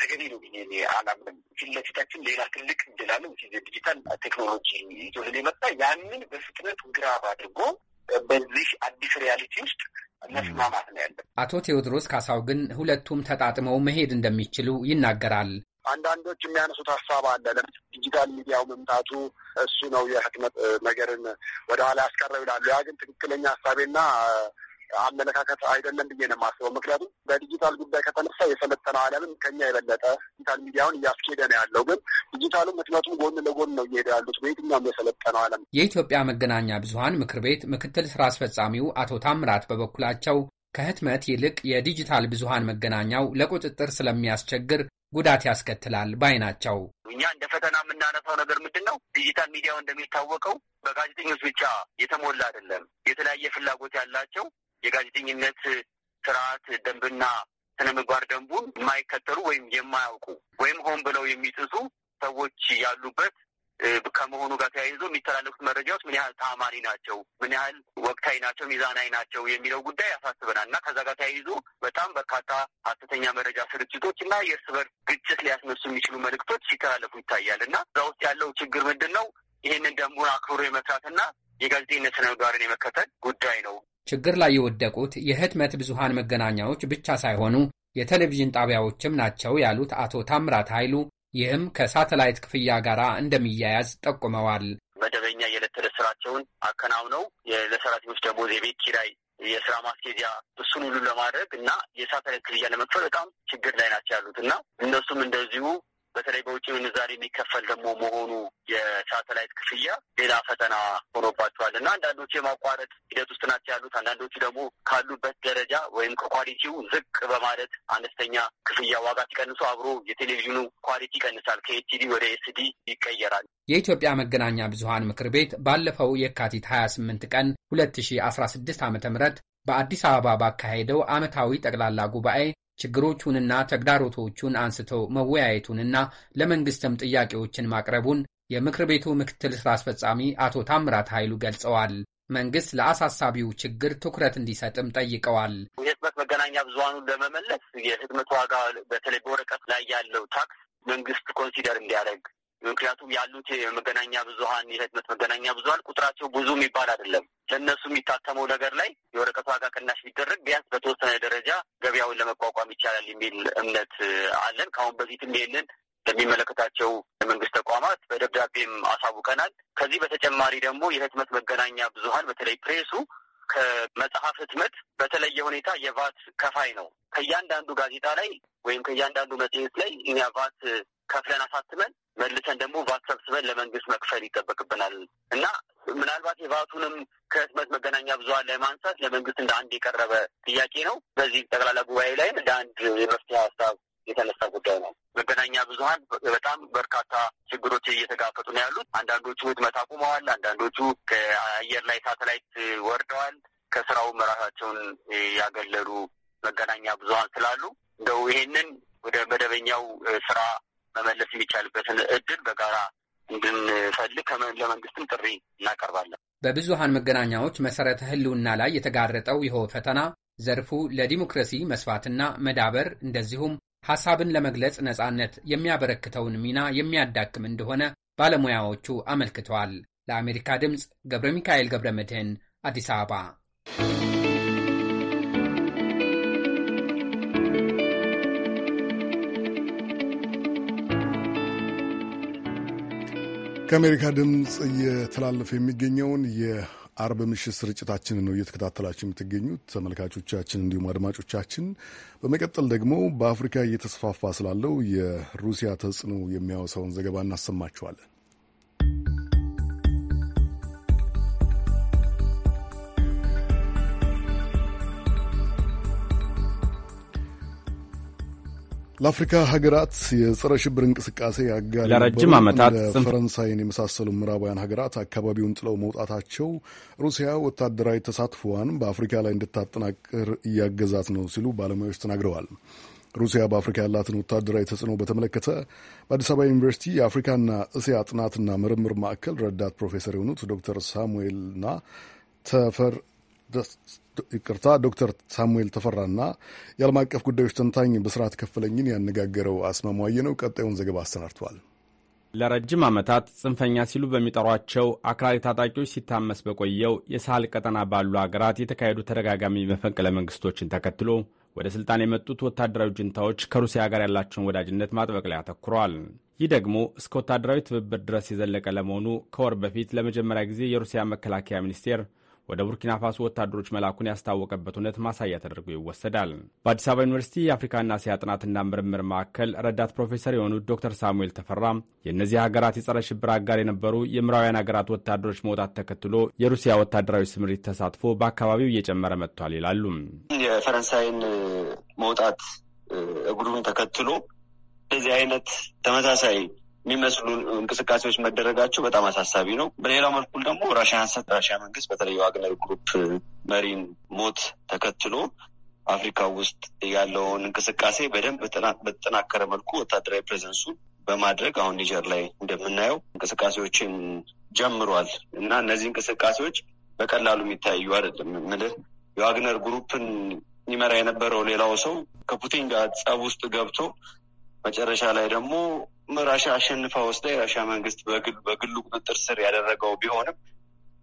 ተገቢ ነው ብዬ አላምንም። ፊት ለፊታችን ሌላ ትልቅ እንድላለን ዲጂታል ቴክኖሎጂ ይዞልን የመጣ ያንን በፍጥነት ግራብ አድርጎ በዚህ አዲስ ሪያሊቲ ውስጥ መስማማት ነው ያለን። አቶ ቴዎድሮስ ካሳው ግን ሁለቱም ተጣጥመው መሄድ እንደሚችሉ ይናገራል። አንዳንዶች የሚያነሱት ሀሳብ አለ። ዲጂታል ሚዲያው መምጣቱ እሱ ነው የህትመት ነገርን ወደኋላ ያስቀረው ይላሉ። ያ ግን ትክክለኛ ሀሳቤና አመለካከት አይደለም ብዬ ነው የማስበው። ምክንያቱም በዲጂታል ጉዳይ ከተነሳ የሰለጠነ ዓለምን ከኛ የበለጠ ዲጂታል ሚዲያውን እያስኬደ ነው ያለው። ግን ዲጂታሉም ምክንያቱም ጎን ለጎን ነው እየሄደ ያሉት በየትኛውም የሰለጠነው ዓለም። የኢትዮጵያ መገናኛ ብዙኃን ምክር ቤት ምክትል ስራ አስፈጻሚው አቶ ታምራት በበኩላቸው ከህትመት ይልቅ የዲጂታል ብዙኃን መገናኛው ለቁጥጥር ስለሚያስቸግር ጉዳት ያስከትላል ባይ ናቸው። እኛ እንደ ፈተና የምናነሳው ነገር ምንድን ነው? ዲጂታል ሚዲያው እንደሚታወቀው በጋዜጠኞች ብቻ የተሞላ አይደለም። የተለያየ ፍላጎት ያላቸው የጋዜጠኝነት ስርዓት ደንብና ስነ ምግባር ደንቡን የማይከተሉ ወይም የማያውቁ ወይም ሆን ብለው የሚጥሱ ሰዎች ያሉበት ከመሆኑ ጋር ተያይዞ የሚተላለፉት መረጃዎች ምን ያህል ተአማኒ ናቸው፣ ምን ያህል ወቅታዊ ናቸው፣ ሚዛናዊ ናቸው የሚለው ጉዳይ ያሳስበናል እና ከዛ ጋር ተያይዞ በጣም በርካታ ሀሰተኛ መረጃ ስርጭቶች እና የእርስ በርስ ግጭት ሊያስነሱ የሚችሉ መልእክቶች ሲተላለፉ ይታያል እና እዛ ውስጥ ያለው ችግር ምንድን ነው? ይህንን ደንቡን አክብሮ የመስራትና የጋዜጠኝነት ስነ ምግባርን የመከተል ጉዳይ ነው። ችግር ላይ የወደቁት የህትመት ብዙሃን መገናኛዎች ብቻ ሳይሆኑ የቴሌቪዥን ጣቢያዎችም ናቸው ያሉት አቶ ታምራት ኃይሉ ይህም ከሳተላይት ክፍያ ጋር እንደሚያያዝ ጠቁመዋል። መደበኛ የዕለት ተዕለት ስራቸውን አከናውነው ለሰራተኞች ደሞዝ፣ የቤት ኪራይ፣ የስራ ማስኬጃ እሱን ሁሉ ለማድረግ እና የሳተላይት ክፍያ ለመክፈል በጣም ችግር ላይ ናቸው ያሉት እና እነሱም እንደዚሁ በተለይ በውጭ ምንዛሪ የሚከፈል ደግሞ መሆኑ የሳተላይት ክፍያ ሌላ ፈተና ሆኖባቸዋል እና አንዳንዶቹ የማቋረጥ ሂደት ውስጥ ናቸው ያሉት። አንዳንዶቹ ደግሞ ካሉበት ደረጃ ወይም ከኳሊቲው ዝቅ በማለት አነስተኛ ክፍያ ዋጋ ሲቀንሱ አብሮ የቴሌቪዥኑ ኳሊቲ ይቀንሳል፣ ከኤችዲ ወደ ኤስዲ ይቀየራል። የኢትዮጵያ መገናኛ ብዙሃን ምክር ቤት ባለፈው የካቲት 28 ቀን 2016 ዓ ም በአዲስ አበባ ባካሄደው ዓመታዊ ጠቅላላ ጉባኤ ችግሮቹንና ተግዳሮቶቹን አንስቶ መወያየቱንና ለመንግሥትም ጥያቄዎችን ማቅረቡን የምክር ቤቱ ምክትል ሥራ አስፈጻሚ አቶ ታምራት ኃይሉ ገልጸዋል። መንግስት ለአሳሳቢው ችግር ትኩረት እንዲሰጥም ጠይቀዋል። የህትመት መገናኛ ብዙሃኑን ለመመለስ የህትመት ዋጋ በተለይ በወረቀት ላይ ያለው ታክስ መንግስት ኮንሲደር እንዲያደርግ ምክንያቱም ያሉት የመገናኛ ብዙሀን የህትመት መገናኛ ብዙሀን ቁጥራቸው ብዙ የሚባል አይደለም። ለእነሱ የሚታተመው ነገር ላይ የወረቀት ዋጋ ቅናሽ ቢደረግ ቢያንስ በተወሰነ ደረጃ ገበያውን ለመቋቋም ይቻላል የሚል እምነት አለን። ከአሁን በፊትም ይሄንን ለሚመለከታቸው የመንግስት ተቋማት በደብዳቤም አሳውቀናል። ከዚህ በተጨማሪ ደግሞ የህትመት መገናኛ ብዙሀን በተለይ ፕሬሱ ከመጽሐፍ ህትመት በተለየ ሁኔታ የቫት ከፋይ ነው። ከእያንዳንዱ ጋዜጣ ላይ ወይም ከእያንዳንዱ መጽሔት ላይ እኛ ቫት ከፍለን አሳትመን መልሰን ደግሞ ቫት ሰብስበን ለመንግስት መክፈል ይጠበቅብናል እና ምናልባት የቫቱንም ከህትመት መገናኛ ብዙሃን ላይ ማንሳት ለመንግስት እንደ አንድ የቀረበ ጥያቄ ነው። በዚህ ጠቅላላ ጉባኤ ላይም እንደ አንድ የመፍትሄ ሀሳብ የተነሳ ጉዳይ ነው። መገናኛ ብዙሀን በጣም በርካታ ችግሮች እየተጋፈጡ ነው ያሉት። አንዳንዶቹ ህትመት አቁመዋል። አንዳንዶቹ ከአየር ላይ ሳተላይት ወርደዋል። ከስራውም ራሳቸውን ያገለሉ መገናኛ ብዙሀን ስላሉ እንደው ይሄንን ወደ መደበኛው ስራ መመለስ የሚቻልበትን እድል በጋራ እንድንፈልግ ለመንግስትም ጥሪ እናቀርባለን። በብዙሃን መገናኛዎች መሰረተ ህልውና ላይ የተጋረጠው ይኸው ፈተና ዘርፉ ለዲሞክራሲ መስፋትና መዳበር እንደዚሁም ሐሳብን ለመግለጽ ነጻነት የሚያበረክተውን ሚና የሚያዳክም እንደሆነ ባለሙያዎቹ አመልክተዋል። ለአሜሪካ ድምፅ ገብረ ሚካኤል ገብረ መድህን አዲስ አበባ ከአሜሪካ ድምፅ እየተላለፈ የሚገኘውን የአርብ ምሽት ስርጭታችን ነው እየተከታተላችሁ የምትገኙት ተመልካቾቻችን፣ እንዲሁም አድማጮቻችን። በመቀጠል ደግሞ በአፍሪካ እየተስፋፋ ስላለው የሩሲያ ተጽዕኖ የሚያወሳውን ዘገባ እናሰማችኋለን። ለአፍሪካ ሀገራት የጸረ ሽብር እንቅስቃሴ አጋር ለረጅም ዓመታት ፈረንሳይን የመሳሰሉ ምዕራባውያን ሀገራት አካባቢውን ጥለው መውጣታቸው ሩሲያ ወታደራዊ ተሳትፎዋን በአፍሪካ ላይ እንድታጠናቅር እያገዛት ነው ሲሉ ባለሙያዎች ተናግረዋል። ሩሲያ በአፍሪካ ያላትን ወታደራዊ ተጽዕኖ በተመለከተ በአዲስ አበባ ዩኒቨርሲቲ የአፍሪካና እስያ ጥናትና ምርምር ማዕከል ረዳት ፕሮፌሰር የሆኑት ዶክተር ሳሙኤልና ተፈር ይቅርታ ዶክተር ሳሙኤል ተፈራና የዓለም አቀፍ ጉዳዮች ተንታኝ ብስራት ከፍለኝን ያነጋገረው አስማማየ ነው። ቀጣዩን ዘገባ አሰናድቷል። ለረጅም ዓመታት ጽንፈኛ ሲሉ በሚጠሯቸው አክራሪ ታጣቂዎች ሲታመስ በቆየው የሳህል ቀጠና ባሉ አገራት የተካሄዱ ተደጋጋሚ መፈንቅለ መንግስቶችን ተከትሎ ወደ ሥልጣን የመጡት ወታደራዊ ጅንታዎች ከሩሲያ ጋር ያላቸውን ወዳጅነት ማጥበቅ ላይ አተኩረዋል። ይህ ደግሞ እስከ ወታደራዊ ትብብር ድረስ የዘለቀ ለመሆኑ ከወር በፊት ለመጀመሪያ ጊዜ የሩሲያ መከላከያ ሚኒስቴር ወደ ቡርኪና ፋሶ ወታደሮች መላኩን ያስታወቀበት እውነት ማሳያ ተደርጎ ይወሰዳል። በአዲስ አበባ ዩኒቨርሲቲ የአፍሪካና እስያ ጥናትና ምርምር ማዕከል ረዳት ፕሮፌሰር የሆኑት ዶክተር ሳሙኤል ተፈራ የእነዚህ ሀገራት የጸረ ሽብር አጋር የነበሩ የምዕራባውያን ሀገራት ወታደሮች መውጣት ተከትሎ የሩሲያ ወታደራዊ ስምሪት ተሳትፎ በአካባቢው እየጨመረ መጥቷል ይላሉ። የፈረንሳይን መውጣት እግሩን ተከትሎ እንደዚህ አይነት ተመሳሳይ የሚመስሉ እንቅስቃሴዎች መደረጋቸው በጣም አሳሳቢ ነው። በሌላው መልኩል ደግሞ ራሽያን ሰት ራሽያ መንግስት በተለይ ዋግነር ግሩፕ መሪን ሞት ተከትሎ አፍሪካ ውስጥ ያለውን እንቅስቃሴ በደንብ በተጠናከረ መልኩ ወታደራዊ ፕሬዘንሱ በማድረግ አሁን ኒጀር ላይ እንደምናየው እንቅስቃሴዎችን ጀምሯል እና እነዚህ እንቅስቃሴዎች በቀላሉ የሚታዩ አይደለም። ምልህ የዋግነር ግሩፕን ይመራ የነበረው ሌላው ሰው ከፑቲን ጋር ጸብ ውስጥ ገብቶ መጨረሻ ላይ ደግሞ ራሻ አሸንፋ ወስዳ የራሻ መንግስት በግሉ ቁጥጥር ስር ያደረገው ቢሆንም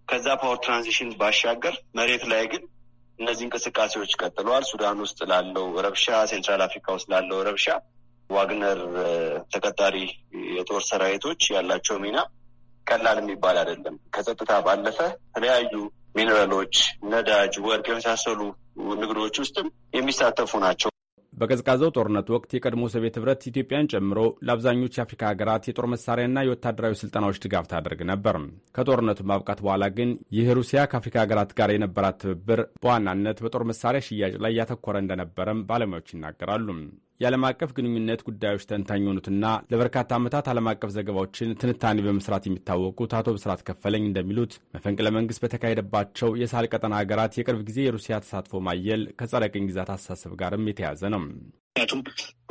ከዛ ፓወር ትራንዚሽን ባሻገር መሬት ላይ ግን እነዚህ እንቅስቃሴዎች ቀጥለዋል። ሱዳን ውስጥ ላለው ረብሻ፣ ሴንትራል አፍሪካ ውስጥ ላለው ረብሻ ዋግነር ተቀጣሪ የጦር ሰራዊቶች ያላቸው ሚና ቀላል የሚባል አይደለም። ከጸጥታ ባለፈ የተለያዩ ሚኔራሎች፣ ነዳጅ፣ ወርቅ የመሳሰሉ ንግዶች ውስጥም የሚሳተፉ ናቸው። በቀዝቃዛው ጦርነት ወቅት የቀድሞ ሶቪየት ኅብረት ኢትዮጵያን ጨምሮ ለአብዛኞቹ የአፍሪካ ሀገራት የጦር መሳሪያና የወታደራዊ ስልጠናዎች ድጋፍ ታደርግ ነበር። ከጦርነቱ ማብቃት በኋላ ግን ይህ ሩሲያ ከአፍሪካ ሀገራት ጋር የነበራት ትብብር በዋናነት በጦር መሳሪያ ሽያጭ ላይ ያተኮረ እንደነበረም ባለሙያዎች ይናገራሉ። የዓለም አቀፍ ግንኙነት ጉዳዮች ተንታኝ የሆኑትና ለበርካታ ዓመታት ዓለም አቀፍ ዘገባዎችን ትንታኔ በመስራት የሚታወቁት አቶ ብስራት ከፈለኝ እንደሚሉት መፈንቅለ መንግስት በተካሄደባቸው የሳል ቀጠና ሀገራት የቅርብ ጊዜ የሩሲያ ተሳትፎ ማየል ከጸረ ቅኝ ግዛት አስተሳሰብ ጋርም የተያዘ ነው። ምክንያቱም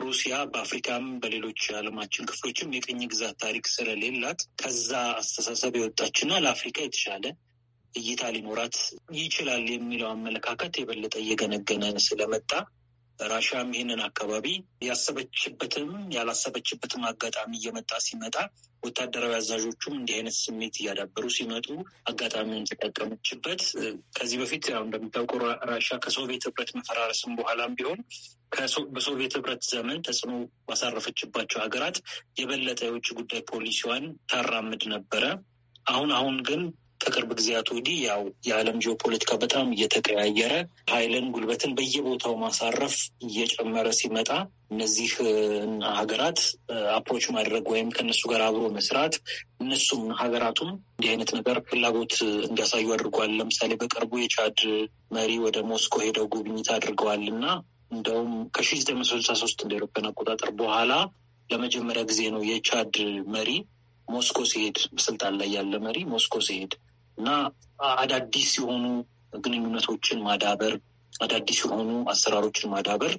ሩሲያ በአፍሪካም በሌሎች የዓለማችን ክፍሎችም የቅኝ ግዛት ታሪክ ስለሌላት ከዛ አስተሳሰብ የወጣችና ለአፍሪካ የተሻለ እይታ ሊኖራት ይችላል የሚለው አመለካከት የበለጠ እየገነገነ ስለመጣ ራሽያም ይህንን አካባቢ ያሰበችበትም ያላሰበችበትም አጋጣሚ እየመጣ ሲመጣ ወታደራዊ አዛዦቹም እንዲህ አይነት ስሜት እያዳበሩ ሲመጡ አጋጣሚውን ተጠቀመችበት። ከዚህ በፊት ያው እንደምታውቀው ራሽያ ከሶቪየት ህብረት መፈራረስም በኋላም ቢሆን በሶቪየት ህብረት ዘመን ተጽዕኖ ባሳረፈችባቸው ሀገራት የበለጠ የውጭ ጉዳይ ፖሊሲዋን ታራምድ ነበረ። አሁን አሁን ግን ከቅርብ ጊዜያት ወዲህ ያው የዓለም ጂኦፖለቲካ በጣም እየተቀያየረ ኃይልን፣ ጉልበትን በየቦታው ማሳረፍ እየጨመረ ሲመጣ እነዚህ ሀገራት አፕሮች ማድረግ ወይም ከነሱ ጋር አብሮ መስራት እነሱም ሀገራቱም እንዲህ አይነት ነገር ፍላጎት እንዲያሳዩ አድርጓል። ለምሳሌ በቅርቡ የቻድ መሪ ወደ ሞስኮ ሄደው ጉብኝት አድርገዋል እና እንደውም ከሺ ዘጠኝ መቶ ስልሳ ሶስት እንደ አውሮፓውያን አቆጣጠር በኋላ ለመጀመሪያ ጊዜ ነው የቻድ መሪ ሞስኮ ሲሄድ፣ ስልጣን ላይ ያለ መሪ ሞስኮ ሲሄድ እና አዳዲስ የሆኑ ግንኙነቶችን ማዳበር፣ አዳዲስ የሆኑ አሰራሮችን ማዳበር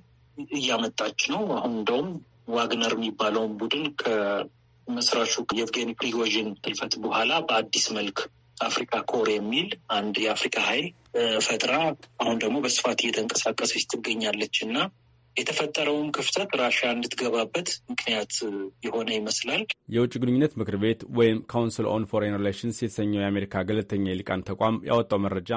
እያመጣች ነው። አሁን እንደውም ዋግነር የሚባለውን ቡድን ከመስራቹ የቭጌኒ ፕሪጎዥን ህልፈት በኋላ በአዲስ መልክ አፍሪካ ኮር የሚል አንድ የአፍሪካ ኃይል ፈጥራ አሁን ደግሞ በስፋት እየተንቀሳቀሰች ትገኛለች እና የተፈጠረውን ክፍተት ራሽያ እንድትገባበት ምክንያት የሆነ ይመስላል። የውጭ ግንኙነት ምክር ቤት ወይም ካውንስል ኦን ፎሬን ሪሌሽንስ የተሰኘው የአሜሪካ ገለልተኛ የሊቃን ተቋም ያወጣው መረጃ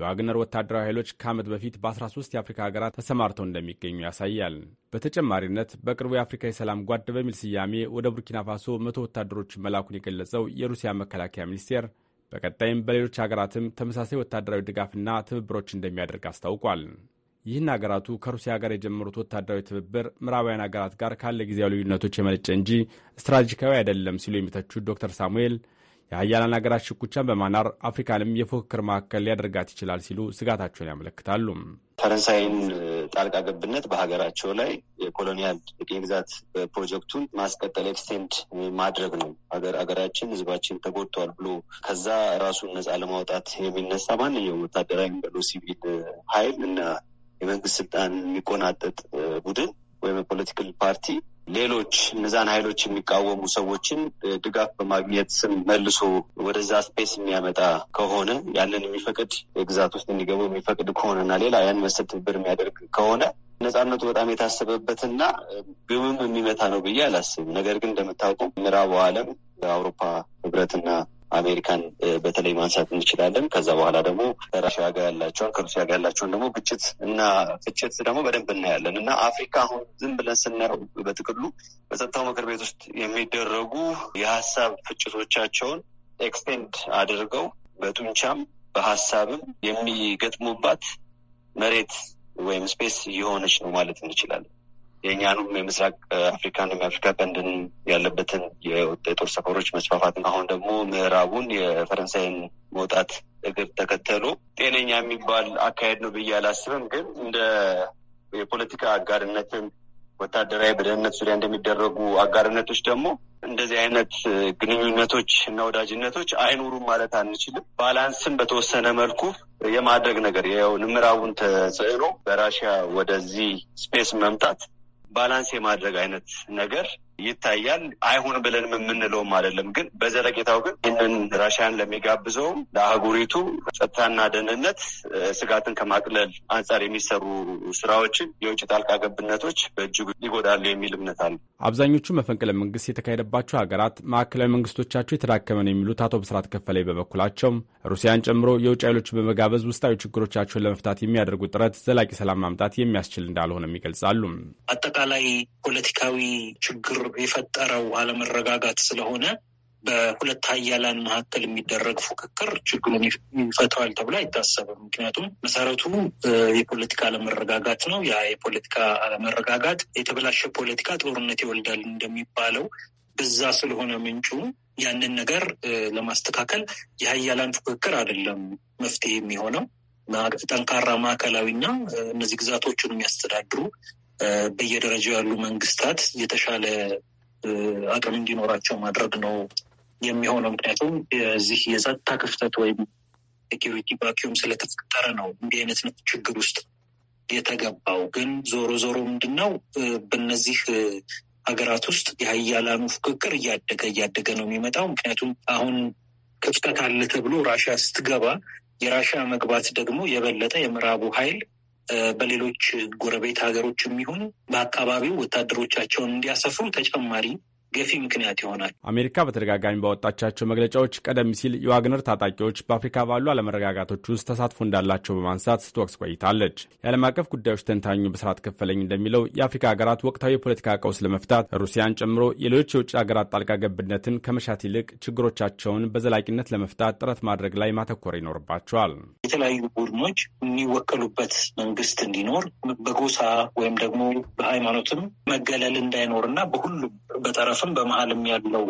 የዋግነር ወታደራዊ ኃይሎች ከዓመት በፊት በ13 የአፍሪካ ሀገራት ተሰማርተው እንደሚገኙ ያሳያል። በተጨማሪነት በቅርቡ የአፍሪካ የሰላም ጓድ በሚል ስያሜ ወደ ቡርኪና ፋሶ መቶ ወታደሮችን መላኩን የገለጸው የሩሲያ መከላከያ ሚኒስቴር በቀጣይም በሌሎች ሀገራትም ተመሳሳይ ወታደራዊ ድጋፍና ትብብሮች እንደሚያደርግ አስታውቋል። ይህን ሀገራቱ ከሩሲያ ጋር የጀመሩት ወታደራዊ ትብብር ምዕራባውያን ሀገራት ጋር ካለ ጊዜያዊ ልዩነቶች የመለጨ እንጂ ስትራቴጂካዊ አይደለም ሲሉ የሚተቹት ዶክተር ሳሙኤል የሀያላን ሀገራት ሽኩቻን በማናር አፍሪካንም የፉክክር ማዕከል ሊያደርጋት ይችላል ሲሉ ስጋታቸውን ያመለክታሉ። ፈረንሳይን ጣልቃ ገብነት በሀገራቸው ላይ የኮሎኒያል የቅኝ ግዛት ፕሮጀክቱን ማስቀጠል ኤክስቴንድ ማድረግ ነው። ሀገራችን ህዝባችን ተጎድተዋል ብሎ ከዛ ራሱን ነፃ ለማውጣት የሚነሳ ማንኛውም ወታደራዊ ብሎ ሲቪል ሀይል እና የመንግስት ስልጣን የሚቆናጠጥ ቡድን ወይም የፖለቲካል ፓርቲ ሌሎች እነዛን ኃይሎች የሚቃወሙ ሰዎችን ድጋፍ በማግኘት ስም መልሶ ወደዛ ስፔስ የሚያመጣ ከሆነ ያንን የሚፈቅድ የግዛት ውስጥ እንዲገቡ የሚፈቅድ ከሆነና ሌላ ያን መሰል ትብብር የሚያደርግ ከሆነ ነጻነቱ በጣም የታሰበበትና ግብም የሚመታ ነው ብዬ አላስብም። ነገር ግን እንደምታውቀው ምዕራቡ ዓለም በአውሮፓ ህብረትና አሜሪካን በተለይ ማንሳት እንችላለን። ከዛ በኋላ ደግሞ ከራሽያ ጋር ያላቸውን ከሩሲያ ጋር ያላቸውን ደግሞ ግጭት እና ፍጭት ደግሞ በደንብ እናያለን እና አፍሪካ አሁን ዝም ብለን ስናየው በጥቅሉ በጸጥታው ምክር ቤት ውስጥ የሚደረጉ የሀሳብ ፍጭቶቻቸውን ኤክስቴንድ አድርገው በጡንቻም በሀሳብም የሚገጥሙባት መሬት ወይም ስፔስ እየሆነች ነው ማለት እንችላለን። የእኛንም የምስራቅ አፍሪካንም የአፍሪካ ቀንድን ያለበትን የጦር ሰፈሮች መስፋፋት፣ አሁን ደግሞ ምዕራቡን የፈረንሳይን መውጣት እግር ተከተሉ ጤነኛ የሚባል አካሄድ ነው ብዬ አላስብም። ግን እንደ የፖለቲካ አጋርነትን ወታደራዊ በደህንነት ዙሪያ እንደሚደረጉ አጋርነቶች ደግሞ እንደዚህ አይነት ግንኙነቶች እና ወዳጅነቶች አይኑሩም ማለት አንችልም። ባላንስን በተወሰነ መልኩ የማድረግ ነገር ያው ምዕራቡን ተጽዕኖ በራሽያ ወደዚህ ስፔስ መምጣት ባላንስ የማድረግ አይነት ነገር ይታያል። አይሁን ብለንም የምንለውም አይደለም። ግን በዘለቄታው ግን ይህንን ራሽያን ለሚጋብዘውም ለአህጉሪቱ ጸጥታና ደህንነት ስጋትን ከማቅለል አንጻር የሚሰሩ ስራዎችን የውጭ ጣልቃ ገብነቶች በእጅጉ ይጎዳሉ የሚል እምነት አለ። አብዛኞቹ መፈንቅለ መንግስት የተካሄደባቸው ሀገራት ማዕከላዊ መንግስቶቻቸው የተዳከመ ነው የሚሉት አቶ ብስራት ከፈላይ በበኩላቸውም ሩሲያን ጨምሮ የውጭ ኃይሎች በመጋበዝ ውስጣዊ ችግሮቻቸውን ለመፍታት የሚያደርጉ ጥረት ዘላቂ ሰላም ማምጣት የሚያስችል እንዳልሆነም ይገልጻሉ። አጠቃላይ ፖለቲካዊ ችግር የፈጠረው አለመረጋጋት ስለሆነ በሁለት ሀያላን መካከል የሚደረግ ፉክክር ችግሩን ይፈተዋል ተብሎ አይታሰብም። ምክንያቱም መሰረቱ የፖለቲካ አለመረጋጋት ነው። ያ የፖለቲካ አለመረጋጋት የተበላሸ ፖለቲካ ጦርነት ይወልዳል እንደሚባለው ብዛ ስለሆነ ምንጩ ያንን ነገር ለማስተካከል የሀያላን ፉክክር አይደለም መፍትሄ የሚሆነው ጠንካራ ማዕከላዊና እነዚህ ግዛቶቹን የሚያስተዳድሩ በየደረጃው ያሉ መንግስታት የተሻለ አቅም እንዲኖራቸው ማድረግ ነው የሚሆነው። ምክንያቱም የዚህ የጸጥታ ክፍተት ወይም ሴኪሪቲ ቫኪዩም ስለተፈጠረ ነው እንዲህ አይነት ችግር ውስጥ የተገባው። ግን ዞሮ ዞሮ ምንድን ነው በነዚህ ሀገራት ውስጥ የሀያላኑ ፉክክር እያደገ እያደገ ነው የሚመጣው። ምክንያቱም አሁን ክፍተት አለ ተብሎ ራሽያ ስትገባ የራሽያ መግባት ደግሞ የበለጠ የምዕራቡ ኃይል በሌሎች ጎረቤት ሀገሮች የሚሆን በአካባቢው ወታደሮቻቸውን እንዲያሰፍሩ ተጨማሪ ገፊ ምክንያት ይሆናል። አሜሪካ በተደጋጋሚ ባወጣቻቸው መግለጫዎች ቀደም ሲል የዋግነር ታጣቂዎች በአፍሪካ ባሉ አለመረጋጋቶች ውስጥ ተሳትፎ እንዳላቸው በማንሳት ስትወቅስ ቆይታለች። የዓለም አቀፍ ጉዳዮች ተንታኙ በስርዓት ከፈለኝ እንደሚለው የአፍሪካ ሀገራት ወቅታዊ የፖለቲካ ቀውስ ለመፍታት ሩሲያን ጨምሮ የሌሎች የውጭ ሀገራት ጣልቃ ገብነትን ከመሻት ይልቅ ችግሮቻቸውን በዘላቂነት ለመፍታት ጥረት ማድረግ ላይ ማተኮር ይኖርባቸዋል። የተለያዩ ቡድኖች የሚወከሉበት መንግስት እንዲኖር በጎሳ ወይም ደግሞ በሃይማኖትም መገለል እንዳይኖርና በሁሉም በጠረፍ ምክንያቱም በመሀልም ያለው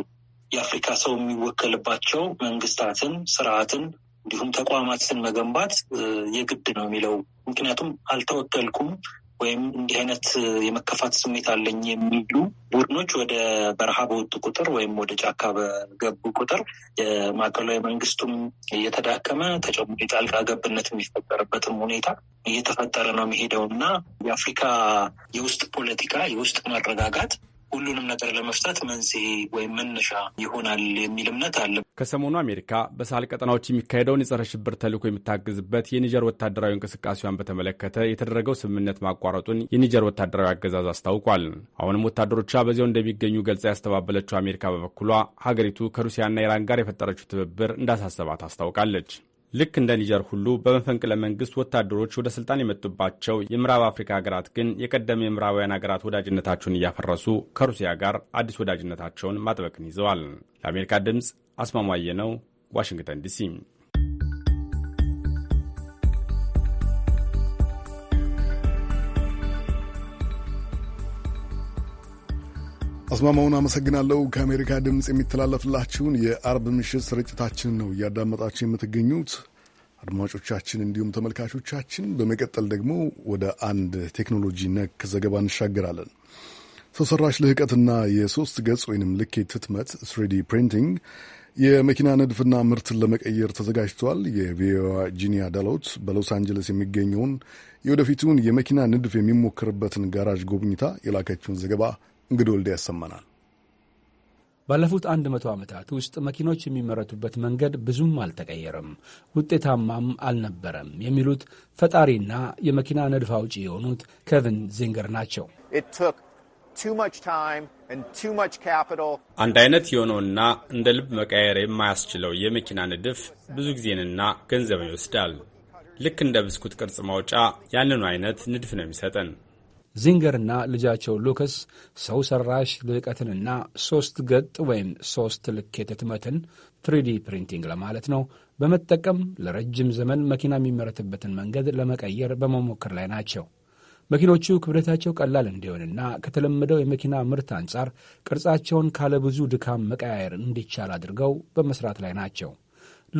የአፍሪካ ሰው የሚወከልባቸው መንግስታትን፣ ስርዓትን እንዲሁም ተቋማትን መገንባት የግድ ነው የሚለው ምክንያቱም አልተወከልኩም ወይም እንዲህ አይነት የመከፋት ስሜት አለኝ የሚሉ ቡድኖች ወደ በረሃ በወጡ ቁጥር ወይም ወደ ጫካ በገቡ ቁጥር የማዕከላዊ መንግስቱም እየተዳከመ ተጨማሪ ጣልቃ ገብነት የሚፈጠርበትም ሁኔታ እየተፈጠረ ነው የሚሄደው እና የአፍሪካ የውስጥ ፖለቲካ የውስጥ መረጋጋት ሁሉንም ነገር ለመፍታት መንስኤ ወይም መነሻ ይሆናል የሚል እምነት አለ። ከሰሞኑ አሜሪካ በሳህል ቀጠናዎች የሚካሄደውን የጸረ ሽብር ተልዕኮ የምታግዝበት የኒጀር ወታደራዊ እንቅስቃሴዋን በተመለከተ የተደረገው ስምምነት ማቋረጡን የኒጀር ወታደራዊ አገዛዝ አስታውቋል። አሁንም ወታደሮቿ በዚያው እንደሚገኙ ገልጻ ያስተባበለችው አሜሪካ በበኩሏ ሀገሪቱ ከሩሲያና ኢራን ጋር የፈጠረችው ትብብር እንዳሳሰባት አስታውቃለች። ልክ እንደ ኒጀር ሁሉ በመፈንቅለ መንግስት ወታደሮች ወደ ስልጣን የመጡባቸው የምዕራብ አፍሪካ ሀገራት ግን የቀደመ የምዕራባውያን ሀገራት ወዳጅነታቸውን እያፈረሱ ከሩሲያ ጋር አዲስ ወዳጅነታቸውን ማጥበቅን ይዘዋል። ለአሜሪካ ድምፅ አስማማየ ነው፣ ዋሽንግተን ዲሲ። አስማማውን አመሰግናለሁ። ከአሜሪካ ድምፅ የሚተላለፍላችሁን የአርብ ምሽት ስርጭታችንን ነው እያዳመጣችሁ የምትገኙት አድማጮቻችን፣ እንዲሁም ተመልካቾቻችን። በመቀጠል ደግሞ ወደ አንድ ቴክኖሎጂ ነክ ዘገባ እንሻገራለን። ሰው ሰራሽ ልህቀትና የሶስት ገጽ ወይንም ልኬት ህትመት ስሪዲ ፕሪንቲንግ የመኪና ንድፍና ምርትን ለመቀየር ተዘጋጅቷል። ጂኒያ ዳሎት በሎስ አንጀለስ የሚገኘውን የወደፊቱን የመኪና ንድፍ የሚሞክርበትን ጋራዥ ጎብኝታ የላከችውን ዘገባ እንግዲህ ወልድ ያሰማናል። ባለፉት አንድ መቶ ዓመታት ውስጥ መኪኖች የሚመረቱበት መንገድ ብዙም አልተቀየረም፣ ውጤታማም አልነበረም የሚሉት ፈጣሪና የመኪና ንድፍ አውጪ የሆኑት ኬቪን ዚንገር ናቸው። አንድ አይነት የሆነውና እንደ ልብ መቀየር የማያስችለው የመኪና ንድፍ ብዙ ጊዜንና ገንዘብን ይወስዳል። ልክ እንደ ብስኩት ቅርጽ ማውጫ ያንኑ አይነት ንድፍ ነው የሚሰጠን። ዚንገርና ልጃቸው ሉከስ ሰው ሰራሽ ልቀትንና ሶስት ገጥ ወይም ሶስት ልኬት ህትመትን ትሪዲ ፕሪንቲንግ ለማለት ነው በመጠቀም ለረጅም ዘመን መኪና የሚመረትበትን መንገድ ለመቀየር በመሞከር ላይ ናቸው። መኪኖቹ ክብደታቸው ቀላል እንዲሆንና ከተለመደው የመኪና ምርት አንጻር ቅርጻቸውን ካለ ብዙ ድካም መቀያየር እንዲቻል አድርገው በመስራት ላይ ናቸው።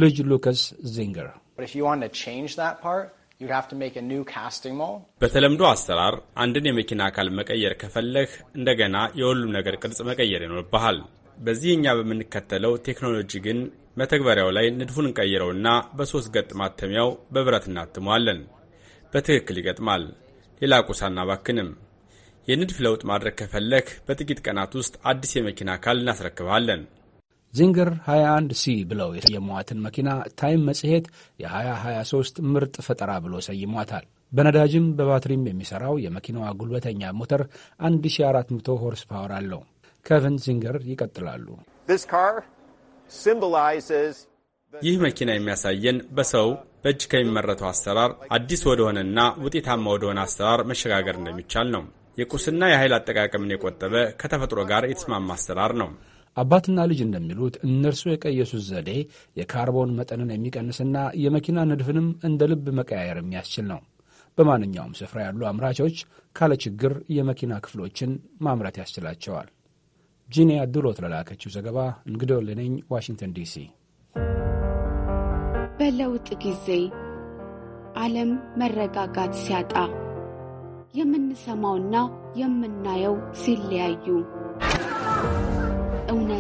ልጅ ሉከስ ዚንገር በተለምዶ አሰራር አንድን የመኪና አካል መቀየር ከፈለህ እንደገና የሁሉም ነገር ቅርጽ መቀየር ይኖርብሃል። በዚህ እኛ በምንከተለው ቴክኖሎጂ ግን መተግበሪያው ላይ ንድፉን እንቀይረውና በሶስት ገጥ ማተሚያው በብረት እናትመዋለን። በትክክል ይገጥማል። ሌላ ቁሳ እናባክንም። የንድፍ ለውጥ ማድረግ ከፈለህ በጥቂት ቀናት ውስጥ አዲስ የመኪና አካል እናስረክብሃለን። ዚንግር 21 ሲ ብለው የሰየሟትን መኪና ታይም መጽሔት የ2023 ምርጥ ፈጠራ ብሎ ሰይሟታል። በነዳጅም በባትሪም የሚሠራው የመኪናዋ ጉልበተኛ ሞተር 1400 ሆርስ ፓወር አለው። ከቨን ዚንገር ይቀጥላሉ። ይህ መኪና የሚያሳየን በሰው በእጅ ከሚመረተው አሰራር አዲስ ወደሆነና ውጤታማ ወደሆነ አሰራር መሸጋገር እንደሚቻል ነው። የቁስና የኃይል አጠቃቀምን የቆጠበ ከተፈጥሮ ጋር የተስማማ አሰራር ነው። አባትና ልጅ እንደሚሉት እነርሱ የቀየሱት ዘዴ የካርቦን መጠንን የሚቀንስና የመኪና ንድፍንም እንደ ልብ መቀያየር የሚያስችል ነው። በማንኛውም ስፍራ ያሉ አምራቾች ካለ ችግር የመኪና ክፍሎችን ማምረት ያስችላቸዋል። ጂኒያ ድሎት ለላከችው ዘገባ እንግዲህ ለነኝ ዋሽንግተን ዲሲ። በለውጥ ጊዜ ዓለም መረጋጋት ሲያጣ የምንሰማውና የምናየው ሲለያዩ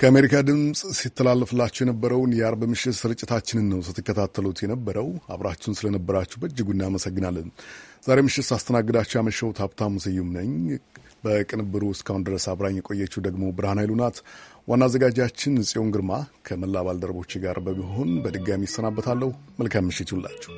ከአሜሪካ ድምፅ ሲተላለፍላችሁ የነበረውን የአርብ ምሽት ስርጭታችንን ነው ስትከታተሉት የነበረው። አብራችሁን ስለነበራችሁ በእጅጉ እናመሰግናለን። ዛሬ ምሽት ሳስተናግዳችሁ ያመሸሁት ሀብታሙ ስዩም ነኝ። በቅንብሩ እስካሁን ድረስ አብራኝ የቆየችው ደግሞ ብርሃን ኃይሉ ናት። ዋና አዘጋጃችን ጽዮን ግርማ ከመላ ባልደረቦች ጋር በመሆን በድጋሚ ይሰናበታለሁ። መልካም ምሽት ይሁንላችሁ።